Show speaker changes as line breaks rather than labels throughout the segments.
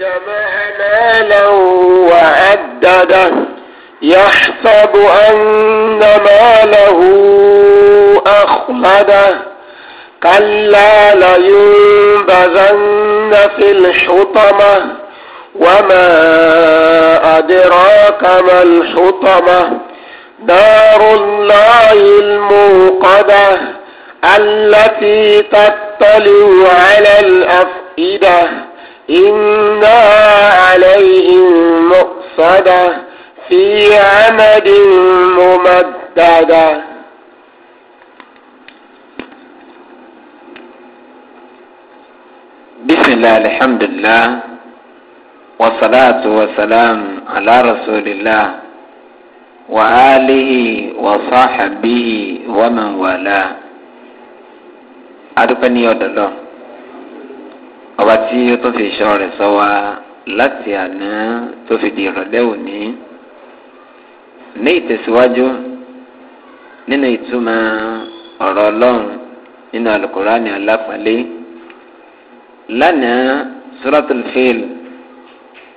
جمع مالا وعدده يحسب أن ماله أخلده كلا لينبذن في الحطمة وما أدراك ما الحطمة نار الله الموقدة التي تطلع على الأفئدة إنا عليهم مقصدة في عمد ممددة بسم الله الحمد لله
والصلاة والسلام على رسول الله وآله وصحبه ومن والاه adúpẹ́ يا ọ̀dọ̀ ọba tí ó tún fi ìṣọ́ rẹ̀ sọ wa láti àná tó fi di ìrọ̀lẹ́ òní ní ìtẹ̀síwájú nínú ìtumọ̀ ọ̀rọ̀ ọlọ́run nínú alukurani alápàlẹ́ lánàá suratul fil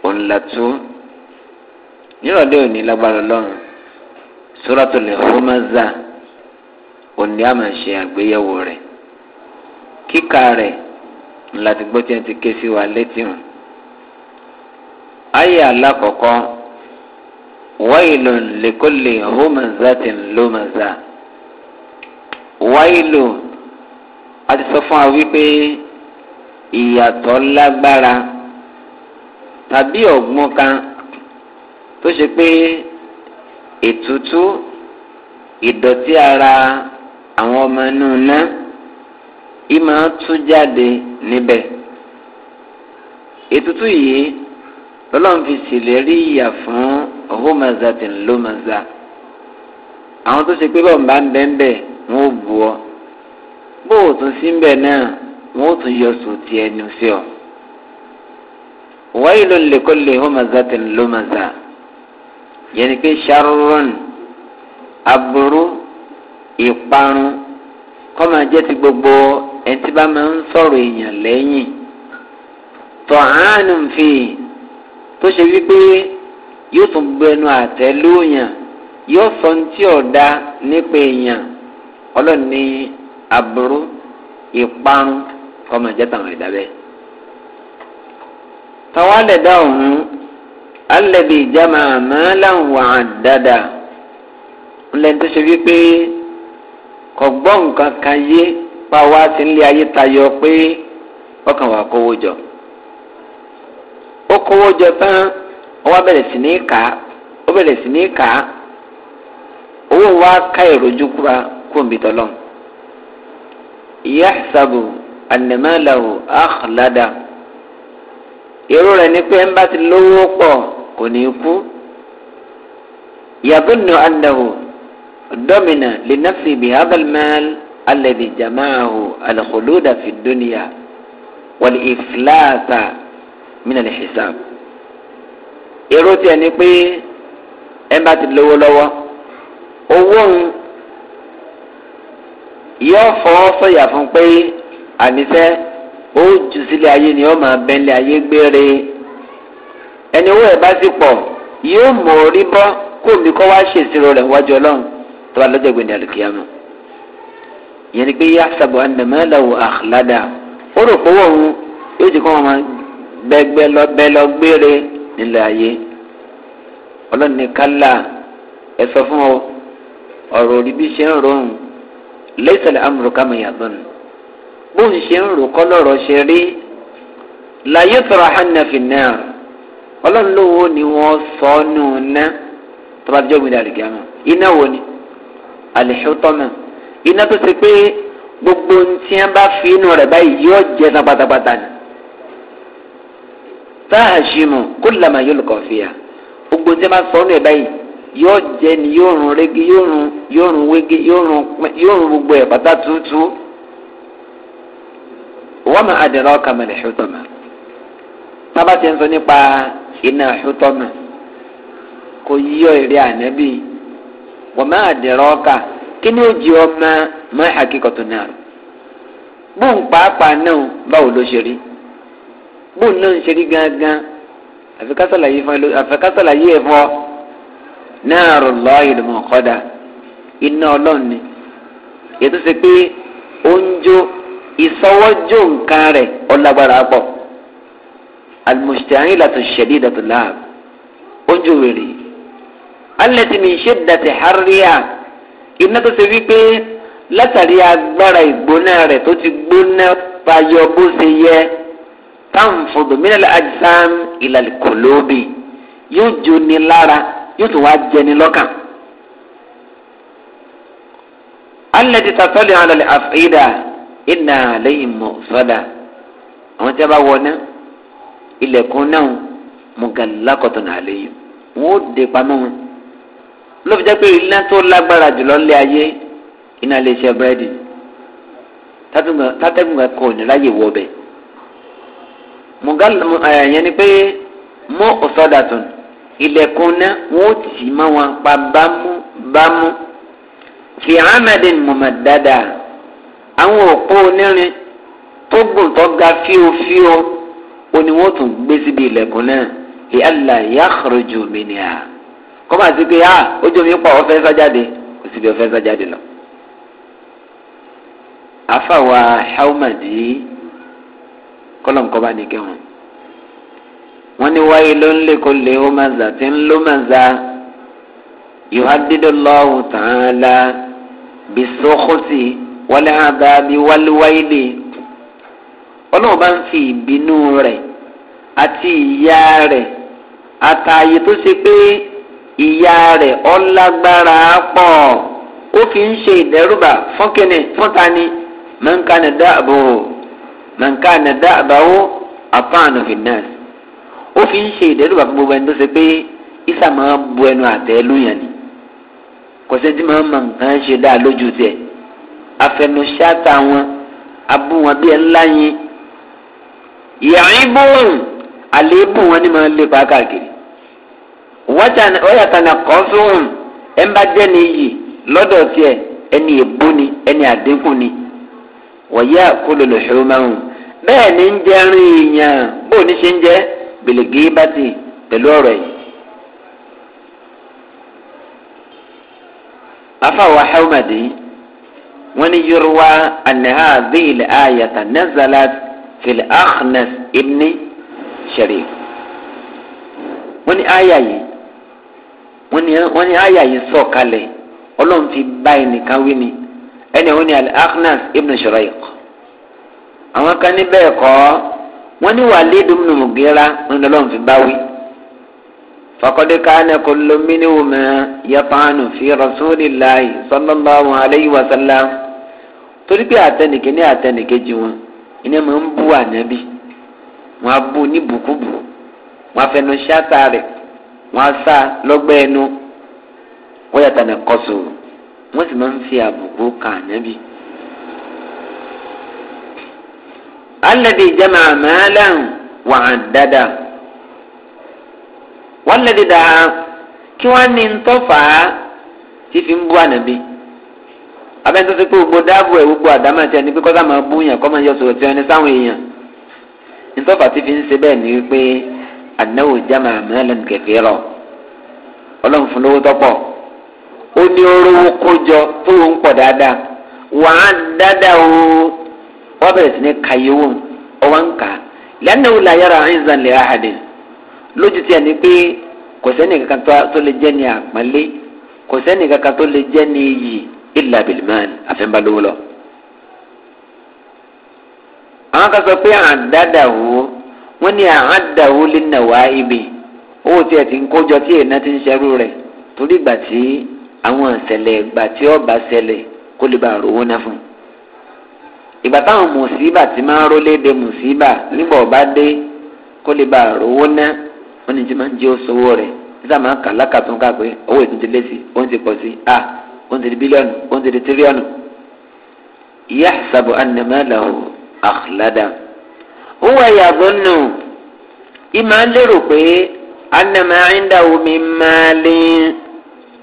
ònlàtú nírọ̀lẹ́ òní lágbára ọlọ́run suratul humaza òní àmàṣe àgbéyẹ̀wò rẹ̀ kíkà rẹ̀ láti gbọ́ tí wọ́n ti ké sí wa létí wọn. ayé alákọ̀ọ́kọ́ wáìlò lèkólè hómezà tí ń lómezà wáìlò a ti sọ fún wa wípé ìyàtọ̀ lágbára tàbí ọ̀gbun kan tó ṣe pé ètútú ìdọ̀tí ara àwọn ọmọ inú náà ìmọ̀ tún jáde níbẹ̀ ètùtù yìí lọ́lọ́run fi ṣèlérí ìyà fún ọ̀húnmọ̀zá tì ń lọ́mọ̀zá àwọn tó ṣe pé bọ́ọ̀ bá ń bẹ́ ń bẹ̀ wọ́n ó bu ọ bó o tún sí ń bẹ̀ náà wọ́n ó tún yọ sòtì ẹnu sí ọ. wáyé ló lè kó lè ọ̀húnmọ̀zá tì ń lọ́mọ̀zá yẹn pé sharon aburú ìparun kọ́ ti gbogbo ẹtí bá máa ń sọ̀rọ̀ èèyàn lẹ́yìn tọ̀ àánú fi tó ṣe wípé yóò tún gbẹnu àtẹ́ lóòyàn yóò sọ tí ọ̀dà nípa èèyàn ọlọ́ọ̀ni aburú ìparun kọ́mọ ìjẹ́ta àwọn ẹ̀dá bẹ́ẹ̀. tọ́wọ́ lẹ̀dá ọ̀hún alẹ́bí ìjàmà mọ́láwà dada ńlẹ́ni tó ṣe wípé kọ̀gbọ́n nǹkan kan yé ipa wa ti ń lé ayé tayọ pé ọkàn wà kówó jọ ó kówó jọ tán ọwọ́ bẹ̀rẹ̀ sí ní kà á ó bẹ̀rẹ̀ sí ní kà á owó wa ká ìrojú kúra kóńbi tọ́lọ́ ìyá ìsàbò ànàmọ́làwò àkàládà èrò rẹ̀ ni pé ń bá ti lówó pọ̀ kò ní kú yàtọ̀ nù ànàwò dọ́mìnà lè nàfẹ̀ bìhábàlmẹ́lì alẹ́dì jamaahu alikuluda fi duniya wàlí ìfìlàtà mina lè xisab. èrò tiẹ̀ ni pé ẹ bá ti lówó lọ́wọ́ owó ń yọ fọwọ́ sọ̀yà fún pé àníṣe ó jù sílẹ̀ ayé ni ó máa bẹ́ńlẹ̀ ayé gbére ẹni owó ẹ̀ bá sì pọ̀ yóò mọ̀ bọ́ kó omi kọ́ wá ṣèṣirò rẹ̀ wájú ọlọ́run tó bá lọ́jọ́ ìgbìndínlẹ̀ kìámù ìyẹn ni pé yá sábà ẹnìmọ́lá wò àkàládà ó rò kówó òun yóò ti kọ́ wọn bẹ́gbẹ́ lọ bẹ́ lọ gbére nílẹ̀ ayé ọlọ́run ní kálá ẹ sọ fún ọ ọ̀rọ̀ òrí bí ṣe ń ròhùn lẹ́sẹ̀lẹ̀ amúrúkà mẹ́yàdọ́nù bó ń ṣe ń rò kọ́ lọ́rọ̀ ṣe rí láyé sọ̀rọ̀ hànàfin náà ọlọ́run lówó ni wọ́n sọ ọ́ nù ná tọ́ba jọ́ gbìdá àlìkàmù iná wo ni àlìṣútọ́mù iná tó ṣe pé gbogbo tí wọn bá fi inú rẹ báyìí yóò jẹ tán pátápátá ni táà ṣìmù kó làmà yóò lùkọ́ fìyà gbogbo tí wọn bá sọ ọ́nà ẹ̀ báyìí yóò jẹ ni yóò rún régi yóò rún yóò rún wégi yóò rún yóò rún gbogbo ẹ̀ pátá tuntun wọ́n máa dẹ̀rọ kàmẹ́lẹ̀ ṣùtọ̀mà tábà ti ń sọ nípa iná ṣùtọ̀mà kò yíyọ èrè ànábì wọ́n máa dẹ̀rọ kàmẹ́lẹ̀ kíni ó jẹ ọmọ mọ àkíkọtò náà bóun pàápàá náà báwo ló ṣe rí bóun náà ń ṣe rí gángan àfẹkásàlàyé ẹfọ náà rò lọ ìlúmọ kọdà iná ọlọrun ni ètò ṣe pé oúnjó ìsọwọ́jó nǹkan rẹ̀ ọlágbára pọ̀ alimusitaani lati ṣẹ̀dí dàtúláàbù oúnjó wèrè alẹ́ tí mi ṣe dàtí háríà iná tó ṣe wípé látàrí agbára ìgbóná rẹ̀ tó ti gbóná fayọ bó ṣe yẹ táǹfọ̀dọ̀ mílẹ̀ àjẹsán ìlàlẹ̀ kòlóbì yóò jóni lára yóò tún wá jẹni lọ́kàn. alẹ́ ti tàtọ́lẹ̀ àlọ́lẹ̀ àfẹ́dà iná lẹ́yìn mọ̀ àwọn tí a bá wọ náà ilẹ̀kùn náà mọ̀gàlákọ̀tàn àlẹ́ yìí wọ́n ó dé pamọ́ wọn ló fi jẹ́ pé iná tó lágbára jùlọ ńlẹ̀ ayé iná lè ṣe búrẹ́dì tátẹ́gùn kan kò ní láyè wọ ọbẹ̀ yẹn ni pé mọ́ ọ̀sọ́dàtún ilẹ̀kùn náà wọ́n tì má wọn pa bámú bámú fi ahmedin muhammad dada àwọn òpó onírin tó gùn tó ga fíofío ó ní tún gbé síbi ilẹ̀kùn náà ìyá àlàyé àkọrọ̀jù mi kọ́mà sí pé ah ojú mi pọ̀ ọ fẹ́ sájáde kò síbi ọ fẹ́ sájáde lọ. àfàwà haumadi kọ́lọ̀ nǹkan bá ní kẹ́hùn. wọ́n ní wáyé ló ń lè kó lè ó máa zà tí ń ló máa zà yóò lọ́wọ́ tàn án la bí sọ́kọ́sì wọlé àdá bí wáléwáyé lè. ọlọ́run bá ń fi ìbínú rẹ̀ àti ìyá rẹ̀ àtàyè tó ṣe pé ìyá rẹ̀ ọlágbára pọ̀ ó fi ń ṣe ìdẹ́rùbà fúnkẹ́ni fúnkani mẹ́ńkánì dáàbò mẹ́ńkánì dáàbáwó àpáànù fìdánì ó fi ń ṣe ìdẹ́rùbà fún gbogbo ẹni tó ṣe pé isa máa bu ẹnu àtẹ lóyàn ni kò sí ti máa mọ nǹkan ṣe dáa lójú tiẹ̀ afẹnuṣáta wọn abú wọn bíi ńlá yín ìyàrin àléébù wọn ni máa ń lépa káàkiri. wọ́yàtànà kan fún ẹ̀ ń bá jẹ́ ní iyì lọ́dọ̀ tiẹ̀ ẹni èbú ni ẹni àdínkù ni wọ̀yẹ́ àkóló lòṣèlú márùn-ún bẹ́ẹ̀ ni ń jẹ́ rìn èèyàn bó ní ṣe ń jẹ́ gbèlègé bá ti pẹ̀lú ọ̀rọ̀ yìí. ayata nazalat fil akhnas ibni sharif wani ni aya wọ́n ní wọ́n ní àyà yìí sọ̀ kalẹ̀ ọlọ́run fi bá ẹnìkan wí ni ẹni àwọn ní al-akhnas ibn shuraiq àwọn kan ní bẹ́ẹ̀ kọ́ wọ́n ní walid ibn mugira wọ́n ní ọlọ́run fi bá wí. فقد كان كل منهما يطعن في رسول الله صلى الله عليه وسلم torí pé àtẹnìkè ní àtẹnìkejì wọn ìní máa ń bú ànábì wọn á bú níbùkúbù wọn á fẹnu ṣáta rẹ̀ wọn á sá lọ́gbẹ́ ẹnu wọ́n yàtọ̀ nà kọ́sù wọ́n sì máa ń fi àbùkù kàn ánábì. alẹ́dẹ̀ ìjẹ́mà màálàn wà á dáadáa wọ́n lẹ́dẹ̀ dáa kí wọ́n ní ntọ́fà fífi ń bú ànábì abẹ́ni tó pé gbogbo dáàbò ẹ̀ gbogbo àdámà tí a ní pé kọ́sà máa bú yàn kọ́ máa yọ sọ̀rọ̀ tí wọ́n ní sáwọn èèyàn ntọ́fà fífi ń ṣe bẹ́ẹ̀ ni wípé anáwó jama mẹ́lẹ̀n kẹfẹ́ rọ ọlọ́run fún lówó tọ́pọ̀ ó ní orówó kójọ tó ń pọ̀ dáadáa wàá dáadáa o wọ́n bẹ̀rẹ̀ sí ní kàyéwò ọwọ́ ń kà lẹ́nu la yàrá ẹ̀ǹzán lè ra àdè lójú tí a ní pé kò sẹ́ni kankan tó lè jẹ́ ní àpọ́nlé kò sẹ́ni kankan tó lè jẹ́ ní iyì ìlà bìlìmọ́ọ̀nì àfẹ́ńbálówó lọ. àwọn kan sọ pé àǹdáadáa wo wọ́n ní àádàwó lè nà wá ibi owó tí ẹ ti ń kójọ tí èèyàn ti ń ṣerú rẹ̀ torí ìgbà tí àwọn ìṣẹ̀lẹ̀ ìgbà tí ọba ṣẹlẹ̀ kó lè bá rówó ná fún un. ìgbà táwọn mùsíbà ti máa ń rólédè mùsíbà nígbà ọba dé kó lè bá rówó ná wọ́n ní tí máa ń jẹ́ òṣòwò rẹ̀ nígbà máa ń kà lákàtún ká owó ìtúntì lé ó ń ti pọ̀ sí a ó ń ti di bílíọ̀nù ó ń ti di tírílíọ̀nù huwa yadhunnu ìmọ̀ lérò pé anamọ̀ ẹ̀ńdà omi máa lé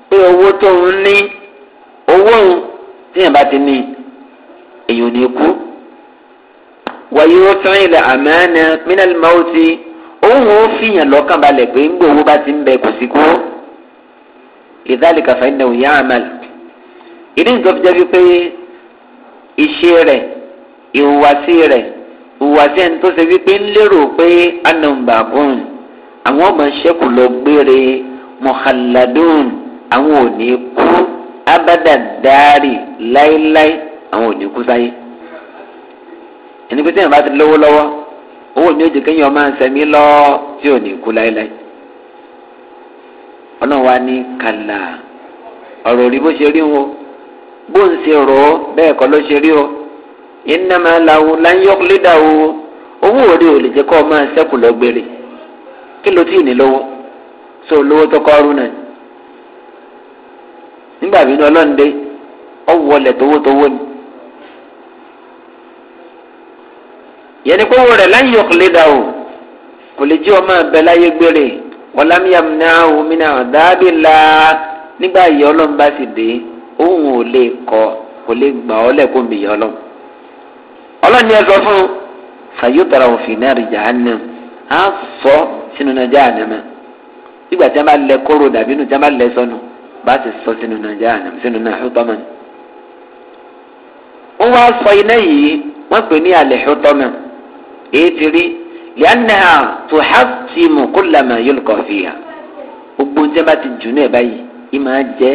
pé owó tó ń ní owó tíyẹn bá ti ní èyàn ní kú wàyí ó tún ilẹ̀ àmàna mínàlì máwùtì òun ò fìyàn lọ́kàn balẹ̀ pé ńgbà owó bá ti ń bẹ kò sí kú ìdálìkà fẹ́ẹ́ náà yá ìdí nǹkan fi jẹ́ pé iṣẹ́ rẹ̀ ìhùwàsí rẹ̀ ìwàsí ẹni tó ṣe wípé ń lérò pé anambabun àwọn ọmọ ṣẹ́kù lọ gbére mohaladun àwọn ò ní kú abadadari láéláé àwọn ò ní kú sáyé ẹni pé sẹ́yìn bá ti lówó lọ́wọ́ owó ní ojú kéèyàn máa ń sẹ́mi lọ tí ò ní kú láéláé ọlọ́run wa ní kàlà ọ̀rọ̀ òrí bó ṣe rí wọn bó ń ṣe rò ó bẹ́ẹ̀ kọ́ ló ṣe rí o. Inama làwù láyọ̀kúlẹ́dà o owó òde ò lè jẹ́ kọ́ máa sẹ́kù lọ́gbèrè kí ló tíì ní lówó so lówó tó kọ́ ọrùn náà nígbà bínú ọlọ́ọ̀dẹ ọ̀wọ́lẹ̀ tówótówó ni yẹni kó wọ rẹ̀ láyọ̀kúlẹ́dà o kò lè jí ọmọ abẹ láyé gbére wọlámíyàmúná omínà ọ̀dábìlà nígbà yìí ọlọ́run bá sì dé òun ò lè kọ kò lè gbà ọ́ lẹ́kọ̀ọ́ mi ọlọ́ni ẹ sọ fún un fàyè tara òfin náà rí jahannam á sọ sínú náà jahannam nígbà tí a bá lẹ kóró dàbí nù tí a bá lẹ sọnù bá ti sọ sínú náà jahannam sínú náà hùtọ́mọ ni. wọ́n wá sọ iná yìí wọ́n pè ní alẹ́ hùtọ́mọ èyí ti rí lẹ́nàá tó há sí mu kó lamà yóò kọ́ fi hàn gbogbo tí a bá ti jù náà báyìí ìmọ̀ jẹ́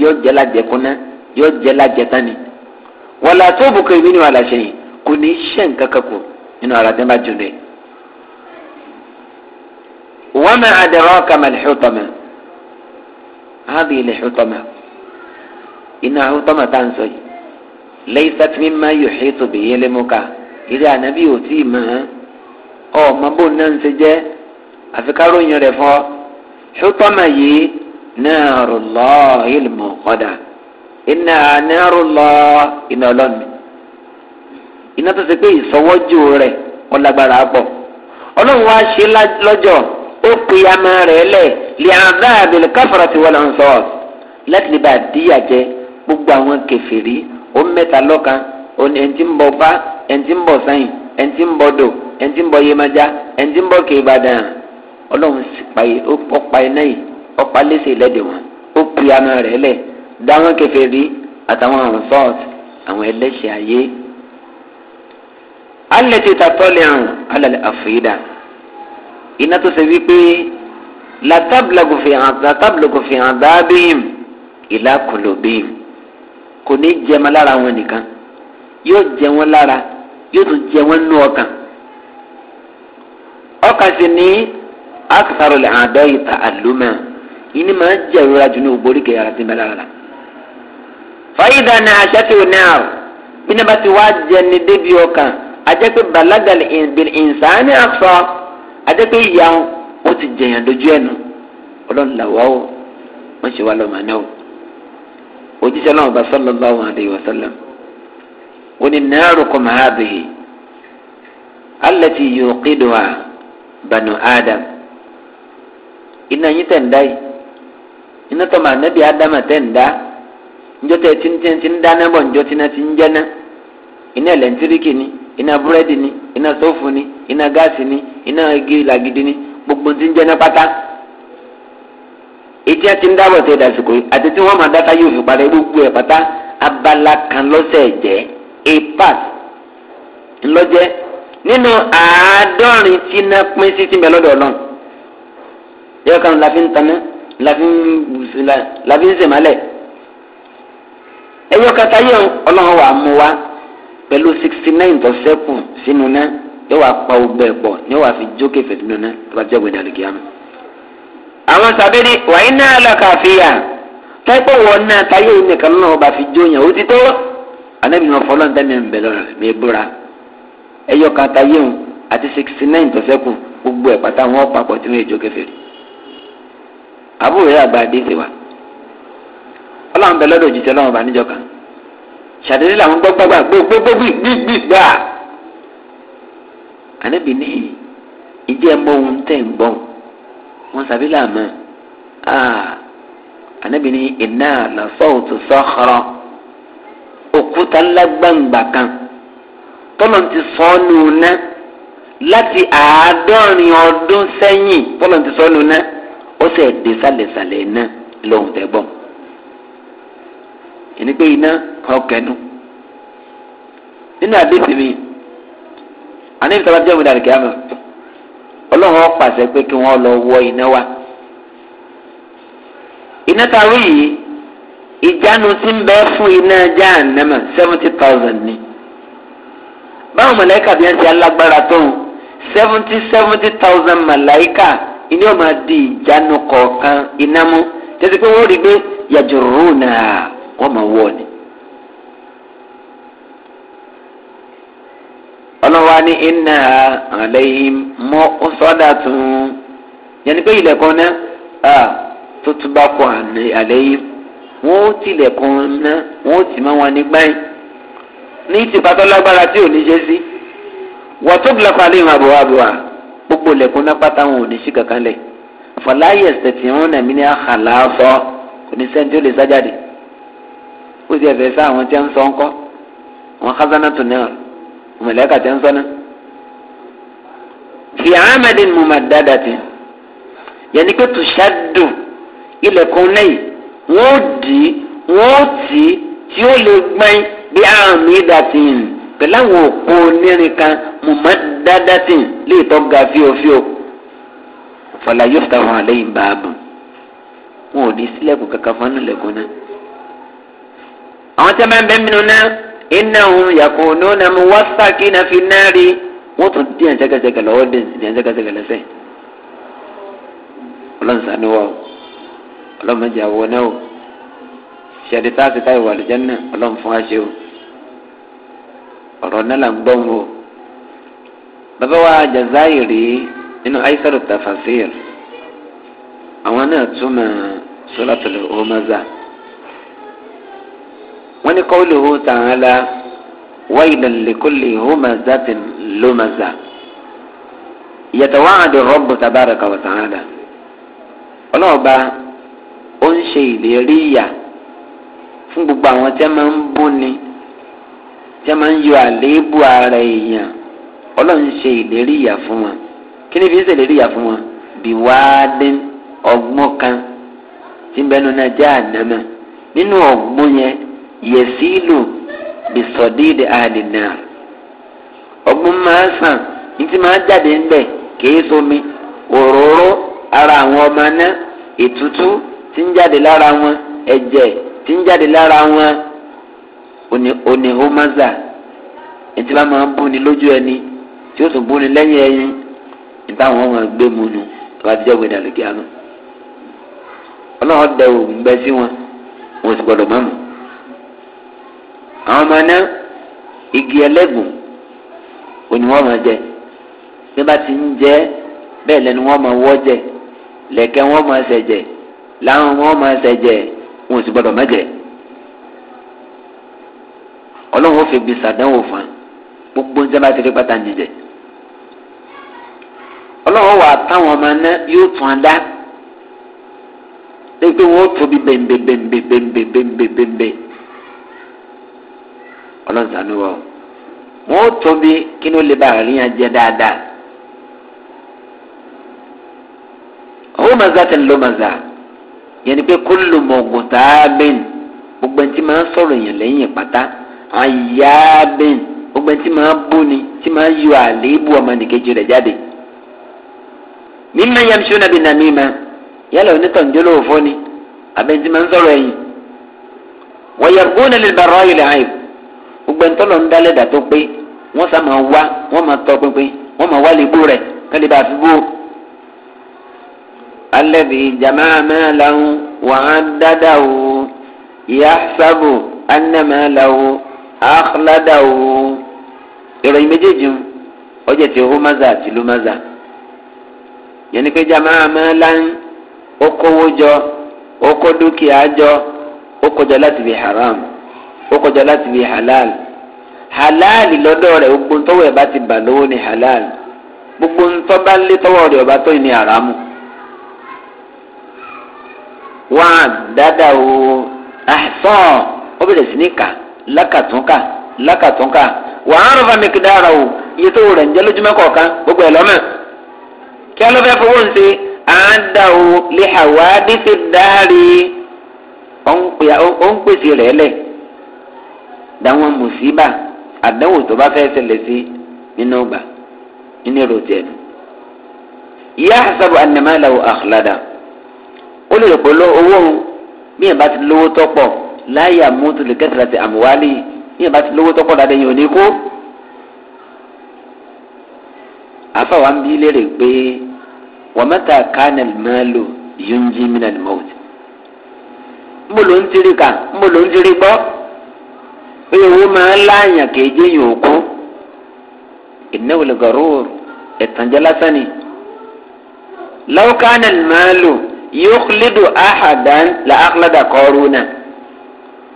yóò jẹ́ lájẹkúná yóò jẹ́ lájẹtánì wọ́n la tó ìbínú àlàṣẹ yìí kò ní ṣe nǹkan kan kù nínú ara tí wọn bá jù lẹ. wọn máa àdàrà ọkà máa lèxú tọmọ hàbí lèxú tọmọ iná àwọn tọmọ tá à ń sọ yìí lẹ́yìn sátìmí máa yọ ètò bèyẹ lẹ́mọ́ká eré ànábì ò tí ì mọ̀ ọ́ ọmọ bó náà ń ṣe jẹ́ àfikáròyìn rẹ̀ fọ́ ṣùtọ́mọ̀ yìí náà rò lọ́ọ́ ìlmọ̀ ọ̀dà iná náà rò lọ́ọ́ iná ọlọ́mi iná tó ṣe pé ìsọwọ́jú rẹ̀ ọlágbára pọ̀ ọlọ́run wá ṣe lọ́jọ́ ó pe ama rẹ̀ lẹ̀ liàdá àbẹ̀lẹ̀ káfàrà ti wọlé ọ̀hún sọ́ọ̀t láti lè bá díyà jẹ gbogbo àwọn kẹfìrí ó mẹ́ta lọ́kan ẹ̀ǹtí ń bọ̀ bá ẹ̀ǹtí ń bọ̀ sẹ́yìn ẹ̀ǹtí ń bọ̀ dò ẹ̀ǹtí ń bọ̀ yemajá ẹ̀ǹtí ń bọ̀ kẹ́ẹ̀bàdàn ọlọ́run sì pa iná yìí ọ̀pá lẹ́sẹ̀ lẹ́dẹ̀ wọn ó pe ama rẹ̀ lẹ̀ dáwọn kẹfìrí àtàwọn ọ̀hún àwọn ẹlẹ́ṣẹ̀ ayé alẹ́tì tatọ́lẹ̀ àrùn alẹ́ àfìdá iná tó ṣe wípé látàbìlọ́gò fi hàn dábìhìm ìlà kòlòbìhìm kò ní jẹ wọn lára wọn nìkan yóò jẹ wọn lára yóò tún jẹ wọn nú ọkàn ọkàn sì ní akitaro lè hàn ìta àlùmọ́ ìní máa jẹ ìrora jù ní ògbórí kẹyà àti mẹ́lá rárá. fàyídà ni àṣà tí ò ní àrùn bí ní bá jẹ ní débi ọkàn ajẹ́pẹ́ balagal ìnsánì àfọ ajẹ́pẹ́ ìyàwó ó ti jẹ̀yàn dojú ẹ̀nu ọlọ́run làwọ̀ ó wọ́n ṣe wá lọ́mọ náà o òjíṣẹ́ lọ́wọ́ bá sọ́lọ́ lọ́wọ́ àdéhùn sọ́lọ́ ó ní náírà kọ́ máa bè é alẹ́tì yóò kéde wa banu adam iná yín tẹ̀ ń dá yìí iná tọ́ màá nẹ́bí adam tẹ̀ ń dá njọ́ tí ń tẹ̀ ń dáná bọ̀ njọ́ tí ń jẹ́ ná iná ẹ̀lẹ́ntíríkì ni iná búrẹ́dì ni iná sófù ni iná gáàsì ni iná igi làgídí ni gbogbo ti ń jẹ́ ní pátá etí àti ń dábọ̀ tẹ̀ dàsìkò yìí àti tí wọ́n máa dáta yóò fi parẹ́ gbogbo ẹ̀ pátá abala kan lọ́sẹ̀ jẹ́ a pass ńlọ́jẹ́ nínú àádọ́rin tí iná pín sí síbi ẹlọ́dọ̀ ọlọ́run yẹ kan láfi ń taná láfi ń sèmálẹ̀ ẹ̀yọ́ kata yẹn ọlọ́run wà mú wa pẹ̀lú sixty nine tó sẹ́kù sínú náà yóò wá pa ogbẹ́ pọ̀ ni yóò wá fi jókè fẹ̀ sínú náà tó bá jẹ́ ògbẹ́ni àlùkí àmì. àwọn sàbẹ̀dì wàyí náà lọ́kàfíà tẹ́pọ̀ wọn náà táyé nìkan náà bá fi jóyàn ó ti tó anábì náà fọlọ́n tẹ́mi ń bẹ̀ lọ́rọ̀ mi búra ẹyọ kan táyé wọn àti sixty nine tó sẹ́kù gbogbo ẹ̀ pátá wọn papọ̀ tí wọ́n jókè fẹ̀. àbúrò yà gba àdéhìí wa ọlọ́run bẹ lọ́dọ̀ ṣàdédé làwọn gbọ́ gbàgbà gbogbo gbígbà ànábì ní ìdí ẹ mọ ohun tẹ̀ ń gbọ́n wọn sàbí làmọ́ ànábì ní iná làṣọ́ọ̀tù sọ́kọ̀rọ̀ òkúta ńlá gbàǹgbà kan tọ́lọ̀ ti sọ ọ́ nù ná láti àádọ́rin ọdún sẹ́yìn tọ́lọ̀ ti sọ ọ́ nù ná ó sì dé sálẹ̀sálẹ̀ náà lóhun tẹ́ gbọ́n ẹni pé iná ọkẹnu nínú àdéhùn mi àníbi tó bá jẹ́ òmìnira kìá mi ọlọ́run pàṣẹ pé kí wọ́n lọ wọ iná wa iná ta wí yìí ìjánu ti ń bẹ fún iná jáànámà seventy thousand ni báwọn mọ̀lẹ́kà bí wọ́n ti alágbára tó ń seventy seventy thousand mọ̀lẹ́kà iná yóò máa di ìjánu kọ̀ọ̀kan iná mú tẹ́tí pé wọ́n rí i pé yàjòrò náà wọ́n máa wọ̀ ni. ọlọ́wà ní iná àlẹ́yìn mọ́ sọ́dà tún yẹnni pé ilẹ̀kùn náà tó tún bá kọ àlẹ́yìn wọ́n ó tilẹ̀kùn náà wọ́n ó tì mọ́ wọn ní gbáyìn ní tìpátọ́ lágbára tí ò ní ṣe sí wọ́n tó gbìlọ́kọ̀ àlẹ́yìn àbúwàbúwà gbogbo ilẹ̀kùn náà pátá wọn ò ní ṣí kankan lẹ̀ fọláyẹsẹ̀ tí wọ́n nà mí ní àkàlà sọ kò ní sẹ́ni tí ó lè sá jáde ó sì ẹ̀fẹ̀ sá àwọn tí ń sọ ńkọ́ àwọn kásánà tó náà mọ̀lẹ́kà tí ń sọ náà. fi ahmadin mumadada ti yẹni pé tùṣàdù ilẹ̀kùn lẹ́yìn wọ́n dì í wọ́n tì í tí ó lè gbẹ́n bí àmì ìdàtìn pẹ̀lú àwọn òpó onírin kan mumadada ti lè tọ́ ga fíofíò fọlá yóò fà wọn àlẹ́yìn báàbù wọn ò ní sílẹ̀kùn kankan fún ànàlẹ́kùn náà àwọn tí a máa ń bẹ mìíràn náà iná òun yàkó lónà mú wásáàkì náà fi náà rí wọ́n tún díẹ̀ jẹ́gẹ́jẹ́gẹ́ lọ́wọ́ díẹ̀ jẹ́gẹ́jẹ́gẹ́ lẹ́sẹ̀ ọlọ́run sànú wa o ọlọ́run mẹ́jẹ àwọ̀ náà o ṣẹ̀dí tá a ti táyọ̀ wà lójẹ́ náà ọlọ́run fún wa o ọ̀rọ̀ náà là ń gbọ́ wọn o bàbá wa jazairi nínú aisaru tafasir àwọn náà túmọ̀ sọ́lá ọmọ zaa wọ́n ní kọ́wé lòwò tààlà wáyìlà lèkólè hómàzà tì lómàzà ìyàtọ̀wọ́ àdè rọ́bù tàbára kàwé tààlà ọlọ́ọ̀ba ó ń ṣe ìlérí ìyà fún gbogbo àwọn tí a máa ń bóni tí a máa ń yọ àléébù ara èèyàn ọlọ́run ṣe ìlérí ìyà fún wọn kí ni fi ń ìyà fún wọn bí wáádín ọgbọ́n kan tí ń bẹnu náà jẹ́ ànámọ́ nínú ọgbọ́n yẹn yẹsílù bisọdíìdì àdìnnà ọgbọ́n máa sàn ntí máa jáde ńbẹ kìí somi òróró ara àwọn ọmọ náà ètútú tí ń jáde lára wọn ẹ̀jẹ̀ tí ń jáde lára wọn oníhómazà ètí bá máa ń búni lójú ẹni tí ó tún búni lẹ́yìn ẹyin níta àwọn ọmọ gbé mu nu wọ́n ti jẹ́ ògbé dàlùkì àná ọlọ́run dẹ̀ òògùn sí wọn àwọn ọmọ náà igi ẹlẹ́gùn òní wọ́n máa jẹ bí bá ti ń jẹ bẹ́ẹ̀ lẹ́nu wọ́n máa wọ́ jẹ lẹ́kẹ́ wọ́n máa ṣẹ̀jẹ̀ láwọn wọ́n máa ṣẹ̀jẹ̀ wọn ò sì gbọ́dọ̀ mẹ́jẹ̀ ọlọ́run ó fi gbèsè àdánwò fún un gbogbo níjẹ́ bá ti rí pátá jíjẹ ọlọ́run wà táwọn ọmọ náà yóò tún á dá lẹ́yìn pé wọ́n ó tóbi bẹ̀m̀bẹ̀m̀bẹ̀m̀bẹ̀m̀bẹ̀m̀bẹ̀m̀bẹ̀ ọlọ́run sànú wa o wọn ó tóbi kí ló lè ba àríyàn jẹ dáadáa owó mazà tẹ̀ ló mazà yẹn ni pé kólú mọ̀gòtà bẹ́ẹ̀n gbogbo ẹni tí máa ń sọ̀rọ̀ èèyàn lẹ́yìn pátá àyà bẹ́ẹ̀n gbogbo ẹni tí máa ń bóni tí máa ń yọ àléébù ọmọnìkejì rẹ̀ jáde mímọ yẹn ṣó nàbí nàní ma yálà onítọ̀ ǹjọ́lọ́wọ́ fọ́ni àbẹ̀ntì máa ń sọ̀rọ̀ ẹ̀yìn wọ́n yẹ gbóná gbogbo ẹni tọ́lọ̀ ń dálẹ̀ dà tó pé wọ́n sá máa wá wọ́n máa tọ́ pinpin wọ́n máa wá lébo rẹ̀ kálí bá a fi bó. alẹ́bi jama máa lahun wàá dáadáa o ìyá sábò anna máa lahun àkàládàá o. ìròyìn méjèèjì ń ọjọ́ ti homaza àti lomaza yẹnni pé jama máa lahun ó jọ ó jọ ó láti fi haram ó kọjá láti wí halal halal lọ́dọ̀ rẹ̀ gbogbo ntọ́wọ́ ẹ̀ bá ti bà lówó ni halal gbogbo ntọ́ba lé tọ́wọ́ rẹ̀ ọba tó ní haramu. wọ́n á dáadáa o àṣọ ó bẹ̀rẹ̀ sí ní kà lákàtúnkà lákàtúnkà wọ́n á rọ̀fà mi kí dára o iye tó rẹ̀ ń lójúmọ́ kọ̀ọ̀kan gbogbo ẹ̀ lọ́mọ̀ kí wọ́n lọ fẹ́ fowó ń ṣe o lè hàwá dé ṣe dáre ó ń pèsè rẹ̀ lẹ̀ dáwọn mùsíbà àdánwò tó bá fẹ́ ṣẹlẹ̀ sí nínú ọgbà nínú èrò tiẹ̀ nù. ìyá àṣàbò ànàmàlàwò àkùlàdà ó lè polo owó bí ẹ̀ bá ti lówó tọ́pọ̀ láyà mútu lè kẹ́tìlá ti àmúwálì bí ẹ̀ bá ti lówó tọ́pọ̀ dáadáa yìí ò ní kú. afa wa ń bí léèrè pé wọ́n mẹ́ta kánẹ̀ máa lò yóò jí mí náà ń bò ló ń tiri kà ń bò ló ń tiri gbọ́ pé owó máa ń láàyàn kéje yìí òkú ìnáwó lè gàrú ẹ̀tànjẹ́ lásán ni. lọ́kàn màálù yóò lédò àhàdán là áhùládà kọ́ọ̀rù náà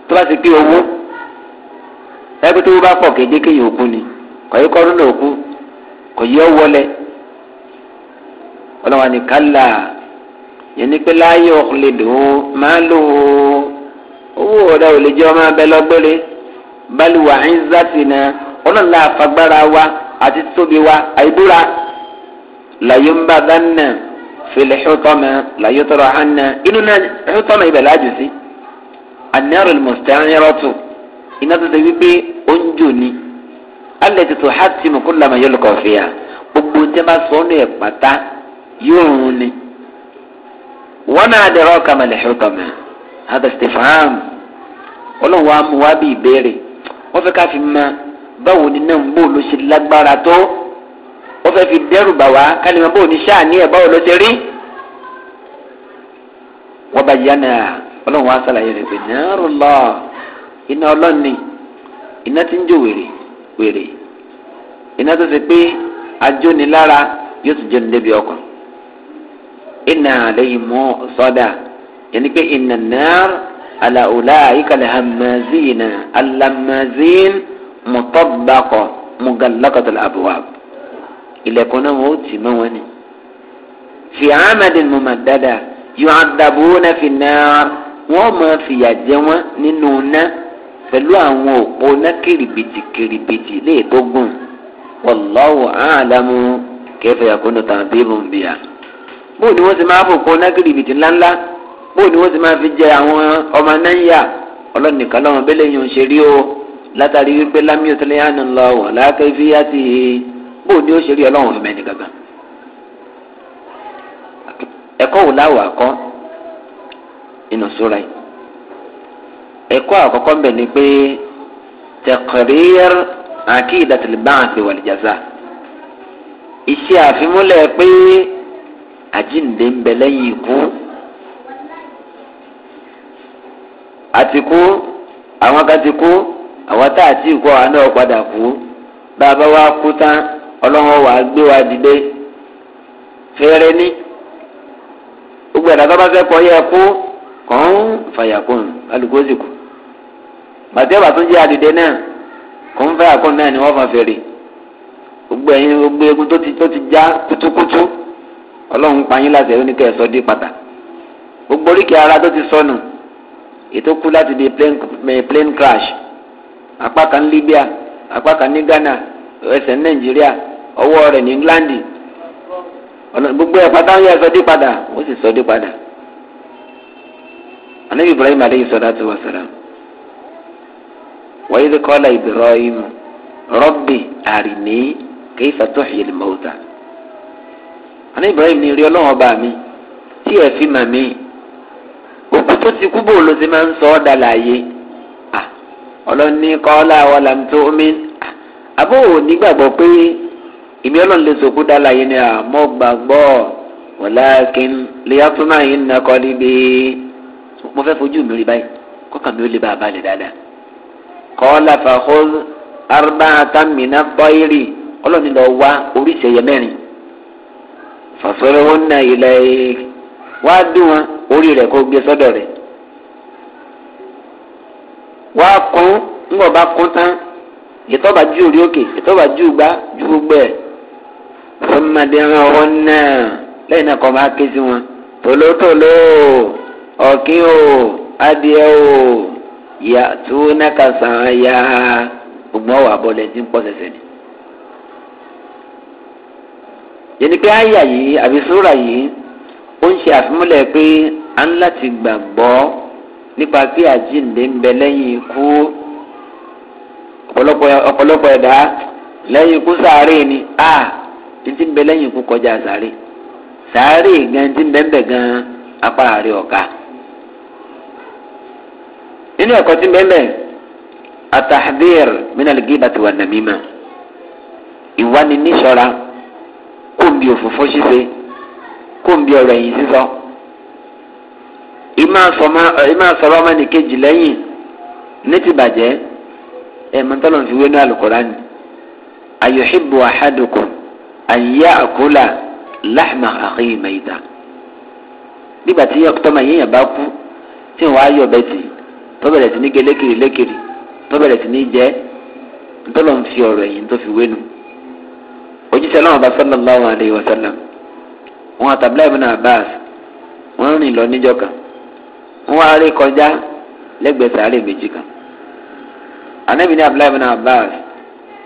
tó bá ti pé owó ẹgbẹ́ tó bá pọ̀ kéje kéye òkú ni kọ̀yí kọ́ọ̀rù náà òkú kọ̀yí ọ̀ wọlé ọlọ́wà ní kálá yẹn pé láyé ọ̀hún lédò màálù owó ọ̀dà ò lè jẹ́ lọ́gbẹ́rẹ́ baliwa ẹnzatina ọlọ́run la fagbára wa àti tóbi wa àìbúra làyé ń bá dáná fèlè xutọ́mẹ làyé tọrọ hànà inú náà xutọ́mẹ ibẹ̀ láàjù sí anẹ́rù mùsítẹ́rẹ́rọ́tù iná tó débi pé oúnjẹ ni alẹ́ tuntun hàtì mú kó lamẹ yóò gbogbo tẹ́ bá sọ ọ́nà ẹ̀ pátá yóò rún ni stefan ọlọ́run wa wa bí ìbéèrè wọ́n fẹ́ ká fi mọ báwo ni náà ń bò ló ṣe lágbára tó wọ́n fẹ́ fi dẹ́rù bà wá kálí mọ́ báwo ni ṣáà ní ẹ̀ báwo ló ṣe rí. wọ́n bá yá náà ọlọ́run wá sàlàyé rẹ̀ pé náírà lọ iná ọlọ́run ni iná ti ń jó wèrè wèrè iná tó ṣe pé ajóni lára yóò ti jóni débi ọkàn iná lẹ́yìn mọ́ sọ́dà yẹn ni pé iná náírà. على أولئك الهمازين اللمازين مطبقة مغلقة الأبواب إلى كنا موت مواني في عمد ممددة يعذبون في النار وما في يجوى ننونا pẹ̀lú àwọn òpó ná kìrìbìtì kìrìbìtì lè tó gùn wàláwò àlámù kẹfẹ́ àkóńtà bíbùn bíà bóun ni wọ́n máa fò kó ná kìrìbìtì ńláńlá bóun ni wọ́n ti máa fi jẹ àwọn ọmọ náírà ọlọ́nìkan lọ́wọ́ bẹ́lẹ̀ yìí ń ṣe rí o látàrí wípé lámìó tẹ́lẹ̀ yánà lọ wọ̀ lákẹ́ fi yá ti bóun ni ó ṣe rí ọlọ́wọ́ ọmọ ẹni gàgà. ẹ̀kọ́ wò láwọ̀ àkọ́ inú sóra yìí ẹ̀kọ́ àkọ́kọ́ ń bẹ̀ ni pé tẹ̀kọ̀rìyẹ́r àkí ìdàtìlìbáǹsì wà lìjàzá iṣẹ́ àfimúlẹ̀ pé àjíǹde ń bẹ lẹ́yìn ikú. àti kú àwọn kan ti kú àwọn tá àti ìkú àwọn náà padà kú bá a bá wá kú tán ọlọ́wọ́n wàá gbé wa dìde fẹ́rẹ́ ní gbogbo ẹ̀dá tó bá fẹ́ kọ́ yẹ kú kàn ń fàyàkùn alùpùpù sì kù màtí ọ̀bà tó jẹ́ àdìde náà kàn ń fàyàkùn náà ni wọ́n fà fèrè gbogbo ẹ̀yin gbogbo egun tó ti tó ti já kutukutu ọlọ́run pa yín láti ẹ̀rọ ní kẹ́ ẹ̀ sọ́ di pàtà gbogbo oríkèé ara tó ti sọnù. So e kú láti di eh, plane, crash apá kan libya apá kan ní ghana ẹsẹ̀ nàìjíríà ọwọ́ gbogbo ẹ̀ pátá yẹ sọdí padà ó sì sọdí padà anabi ibrahim aleyhi sọdá tó wà sọdá wàyí ti kọ́lá ibrahim rọ́bì àrìní kì í fàtó xìlì mọ́tà ibrahim ni rí ọlọ́wọ́ bá mi òkú tó ti kú bò ló ti máa ń sọ ọ́ dàlàyé ọlọ́ni kọ́lá wàlà tó omi àbò nígbàgbọ́ pé ìmí ọlọ́run lè sòkú dàlàyé ni àmọ́ gbàgbọ́ wàlákin lèyàtúmọ̀ yìí nà kọ́ níbi mo fẹ́ fojú mi rí báyìí kọ́kà mi ò lè bá a dáadáa kọ́lá fàkóz arúgbó àtàmìnà bọ́ìrì ọlọ́ni lọ wá oríṣi ẹ̀yẹ mẹ́rin fàṣọrọ wọn nà ilẹ̀ wá dùn wọn orí rẹ̀ kó gbé sọ́dọ̀ rẹ̀ wá kún ńgbọ̀ bá kún tán ìtọ́ba ju orí òkè ìtọ́ba ju gbá ju gbogbo ẹ̀ fúnmadé ran ọwọ́ náà lẹ́yìn náà kọ́ máa ké sí wọn tòlótòló ọ̀kín o adìẹ o yà tó náka sàn ya ògbọ́n wà bọ́ lẹ́yìn tí ń pọ̀ sẹ̀sẹ̀ ni. yẹ́nì pé àyà yìí àbí sóra yìí ó ń ṣe àfimúlẹ̀ pé a ń láti gbàgbọ́ nípa pé àjíǹde ń bẹ lẹ́yìn ikú ọ̀pọ̀lọpọ̀ ẹ̀dá lẹ́yìn ikú sáré ni a títí ń bẹ lẹ́yìn ikú kọjá sáré sáré gan tí ń bẹ ń bẹ gan apá àárẹ̀ ọ̀ka. nínú ẹ̀kọ́ tí ń bẹ ń atahdir minal gibati wa namima ìwáni níṣọra kó bí òfófó ṣíṣe kó n bí ọ̀rọ̀ ẹ̀yìn sísọ. ìmọ̀ sọ̀rọ̀ ọmọ nìkejì lẹ́yìn ní ti bàjẹ́ ẹ̀ mọ̀tọ́lọ̀ fi wé ní alukurani ayọ̀hìbù àhádùkù àyíyá àkúlà láhmà àkìyí mẹ́ta. nígbà tí tọ́mọ yíyan bá kú tí wọ́n á yọ̀ bẹ́ẹ̀ tì tó bẹ̀rẹ̀ sí ní gé lékiri lékiri sí ní jẹ́ ntọ́lọ̀ ń fi ọ̀rọ̀ ẹ̀yìn tó fi wé nu. ojúṣe aláwọ̀ bá sọ́nà láwọn àdéhùn ọ̀sán náà. wọn àtàbílà ìbùnà abbas wọn rìn lọ níjọ kan wọn wá rí kọjá lẹ́gbẹ̀ẹ́ sàárè méjì kan anabi ní abdullahi bin abbas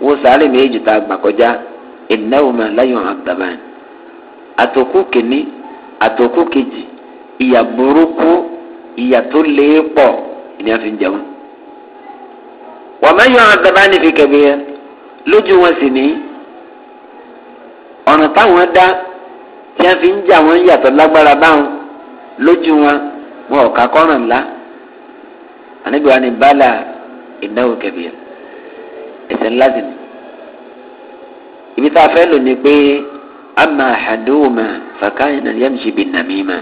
wo sáré méjì tá a gbà kọjá ìnáwóma láyọn àdàbàn àtòkù kìíní àtòkù kejì ìyà burúkú ìyà tó lé pọ̀ ní àfi jẹun. wọ́n máa yọ àdàbàn fi kẹ̀bí yẹn lójú wọn sì ní ọ̀nà táwọn dá tí a fi ń jà wọn yàtọ̀ lágbára báwọn lójú wọn wọn ò ká kọ́ràn ńlá ànígbà ni bala ìnáwó kẹfìyà ẹsẹ̀ ńlá sì ni. ibi tá a fẹ́ lò ní pé ama àdúgbòmà fàkàyìn náà yẹn ṣe bí nàmímà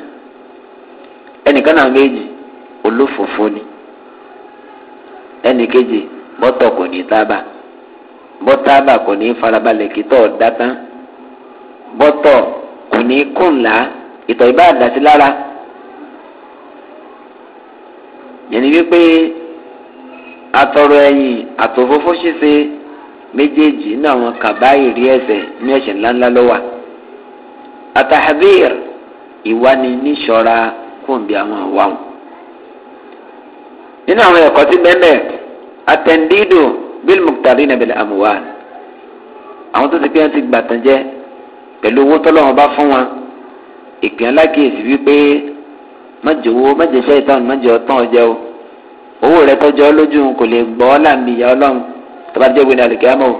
ẹnìkan náà méjì olófòfó ni ẹnìkejì bọ́tọ̀ kò ní tábà bọ́tábà kò ní farabalẹ̀ kí tọ́ ọ dá tán bọ́tọ̀ kò ní kùn là ìtọ̀ ìbá àdásí lára yẹnni wípé atọrọ ẹyìn àtòfófó ṣíṣe méjèèjì ní àwọn kàbá ìrí ẹsẹ ní ẹsẹ ńláńlá lọwà atahabir ìwani níṣọra kùnbi àwọn àwàwọn nínú àwọn ẹ̀kọ́ tí bẹ́ẹ̀ atẹ̀ndídò bíl mùtàrí nàbẹ̀lẹ̀ àmúwá àwọn tó ti pé wọn ti gbàtàn jẹ́ pẹ̀lú owó tọ́lọ́wọ́n bá fún wọn ìpín alákìyèsí wípé mọ̀jẹ̀ owó mọ̀jẹ̀ iṣẹ́ ìtàn mọ̀jẹ̀ ọ̀tàn ọ̀jẹ̀ o owó rẹ tọ́jọ́ lójú kò lè gbọ́ láàmì ìyá ọlọ́run tọ́ba jẹ́ gbẹ̀dẹ̀ àlùkìyàmọ̀ o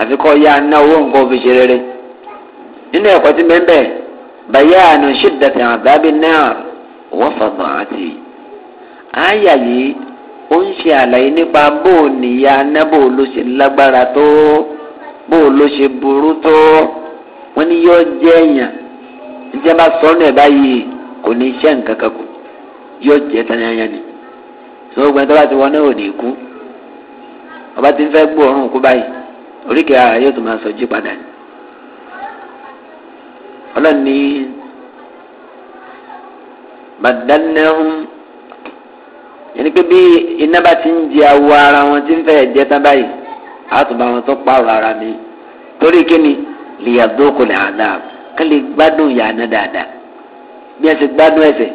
àfi kọ́ ya ná owó nǹkan òfin ṣe rere nínú ẹ̀kọ́ tí mẹ́ńbẹ̀ bàyá àná ṣèdàtì àdábì náà wọ́n fọ̀gbọ̀n àti àyà yìí ó ń ṣe àlàyé nípa bóò nìyá ná bóò ló ṣe lágbára tó bóò ló ṣe burú tó wọ́n ní yọ jẹ́ èèyàn ní tí a bá sọ ọ́ náà báyìí kò ní iṣẹ́ nǹkan kan kù yọ jẹ́ tanyanyan ni sọ gbọ́n tó bá ti wọ́n náà ò ní kú ọba ti ń fẹ́ gbóòórùn kú báyìí oríkèé ara yóò tún máa sọ jí padà ni ọlọ́ni bàdánnáhùn yẹni pé bí iná bá ti ń jẹ awọ ara wọn ti ń fẹ́ jẹ tán báyìí àtúbà wọn tó pààrọ̀ ara mi torí kíni lìyàdókò làdá ká lè gbádùn yàrá dáadáa bí ẹ ṣe gbádùn ẹsẹ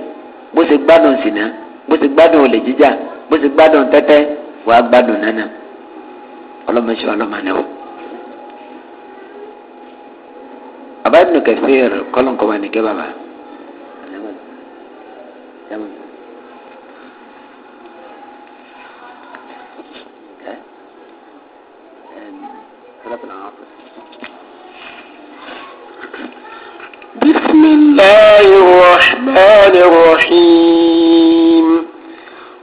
bó ṣe gbádùn sìnà bó ṣe gbádùn olè jíjà bó ṣe gbádùn tẹ́tẹ́ wàá gbádùn nánà ọlọ́mọṣẹ́ ọlọ́mọdé o. abáyọ̀nù kẹfìr kọ́lọ́nkọ́mọ nìkẹ́ bàbá.
ثلاث بسم الله الرحمن الرحيم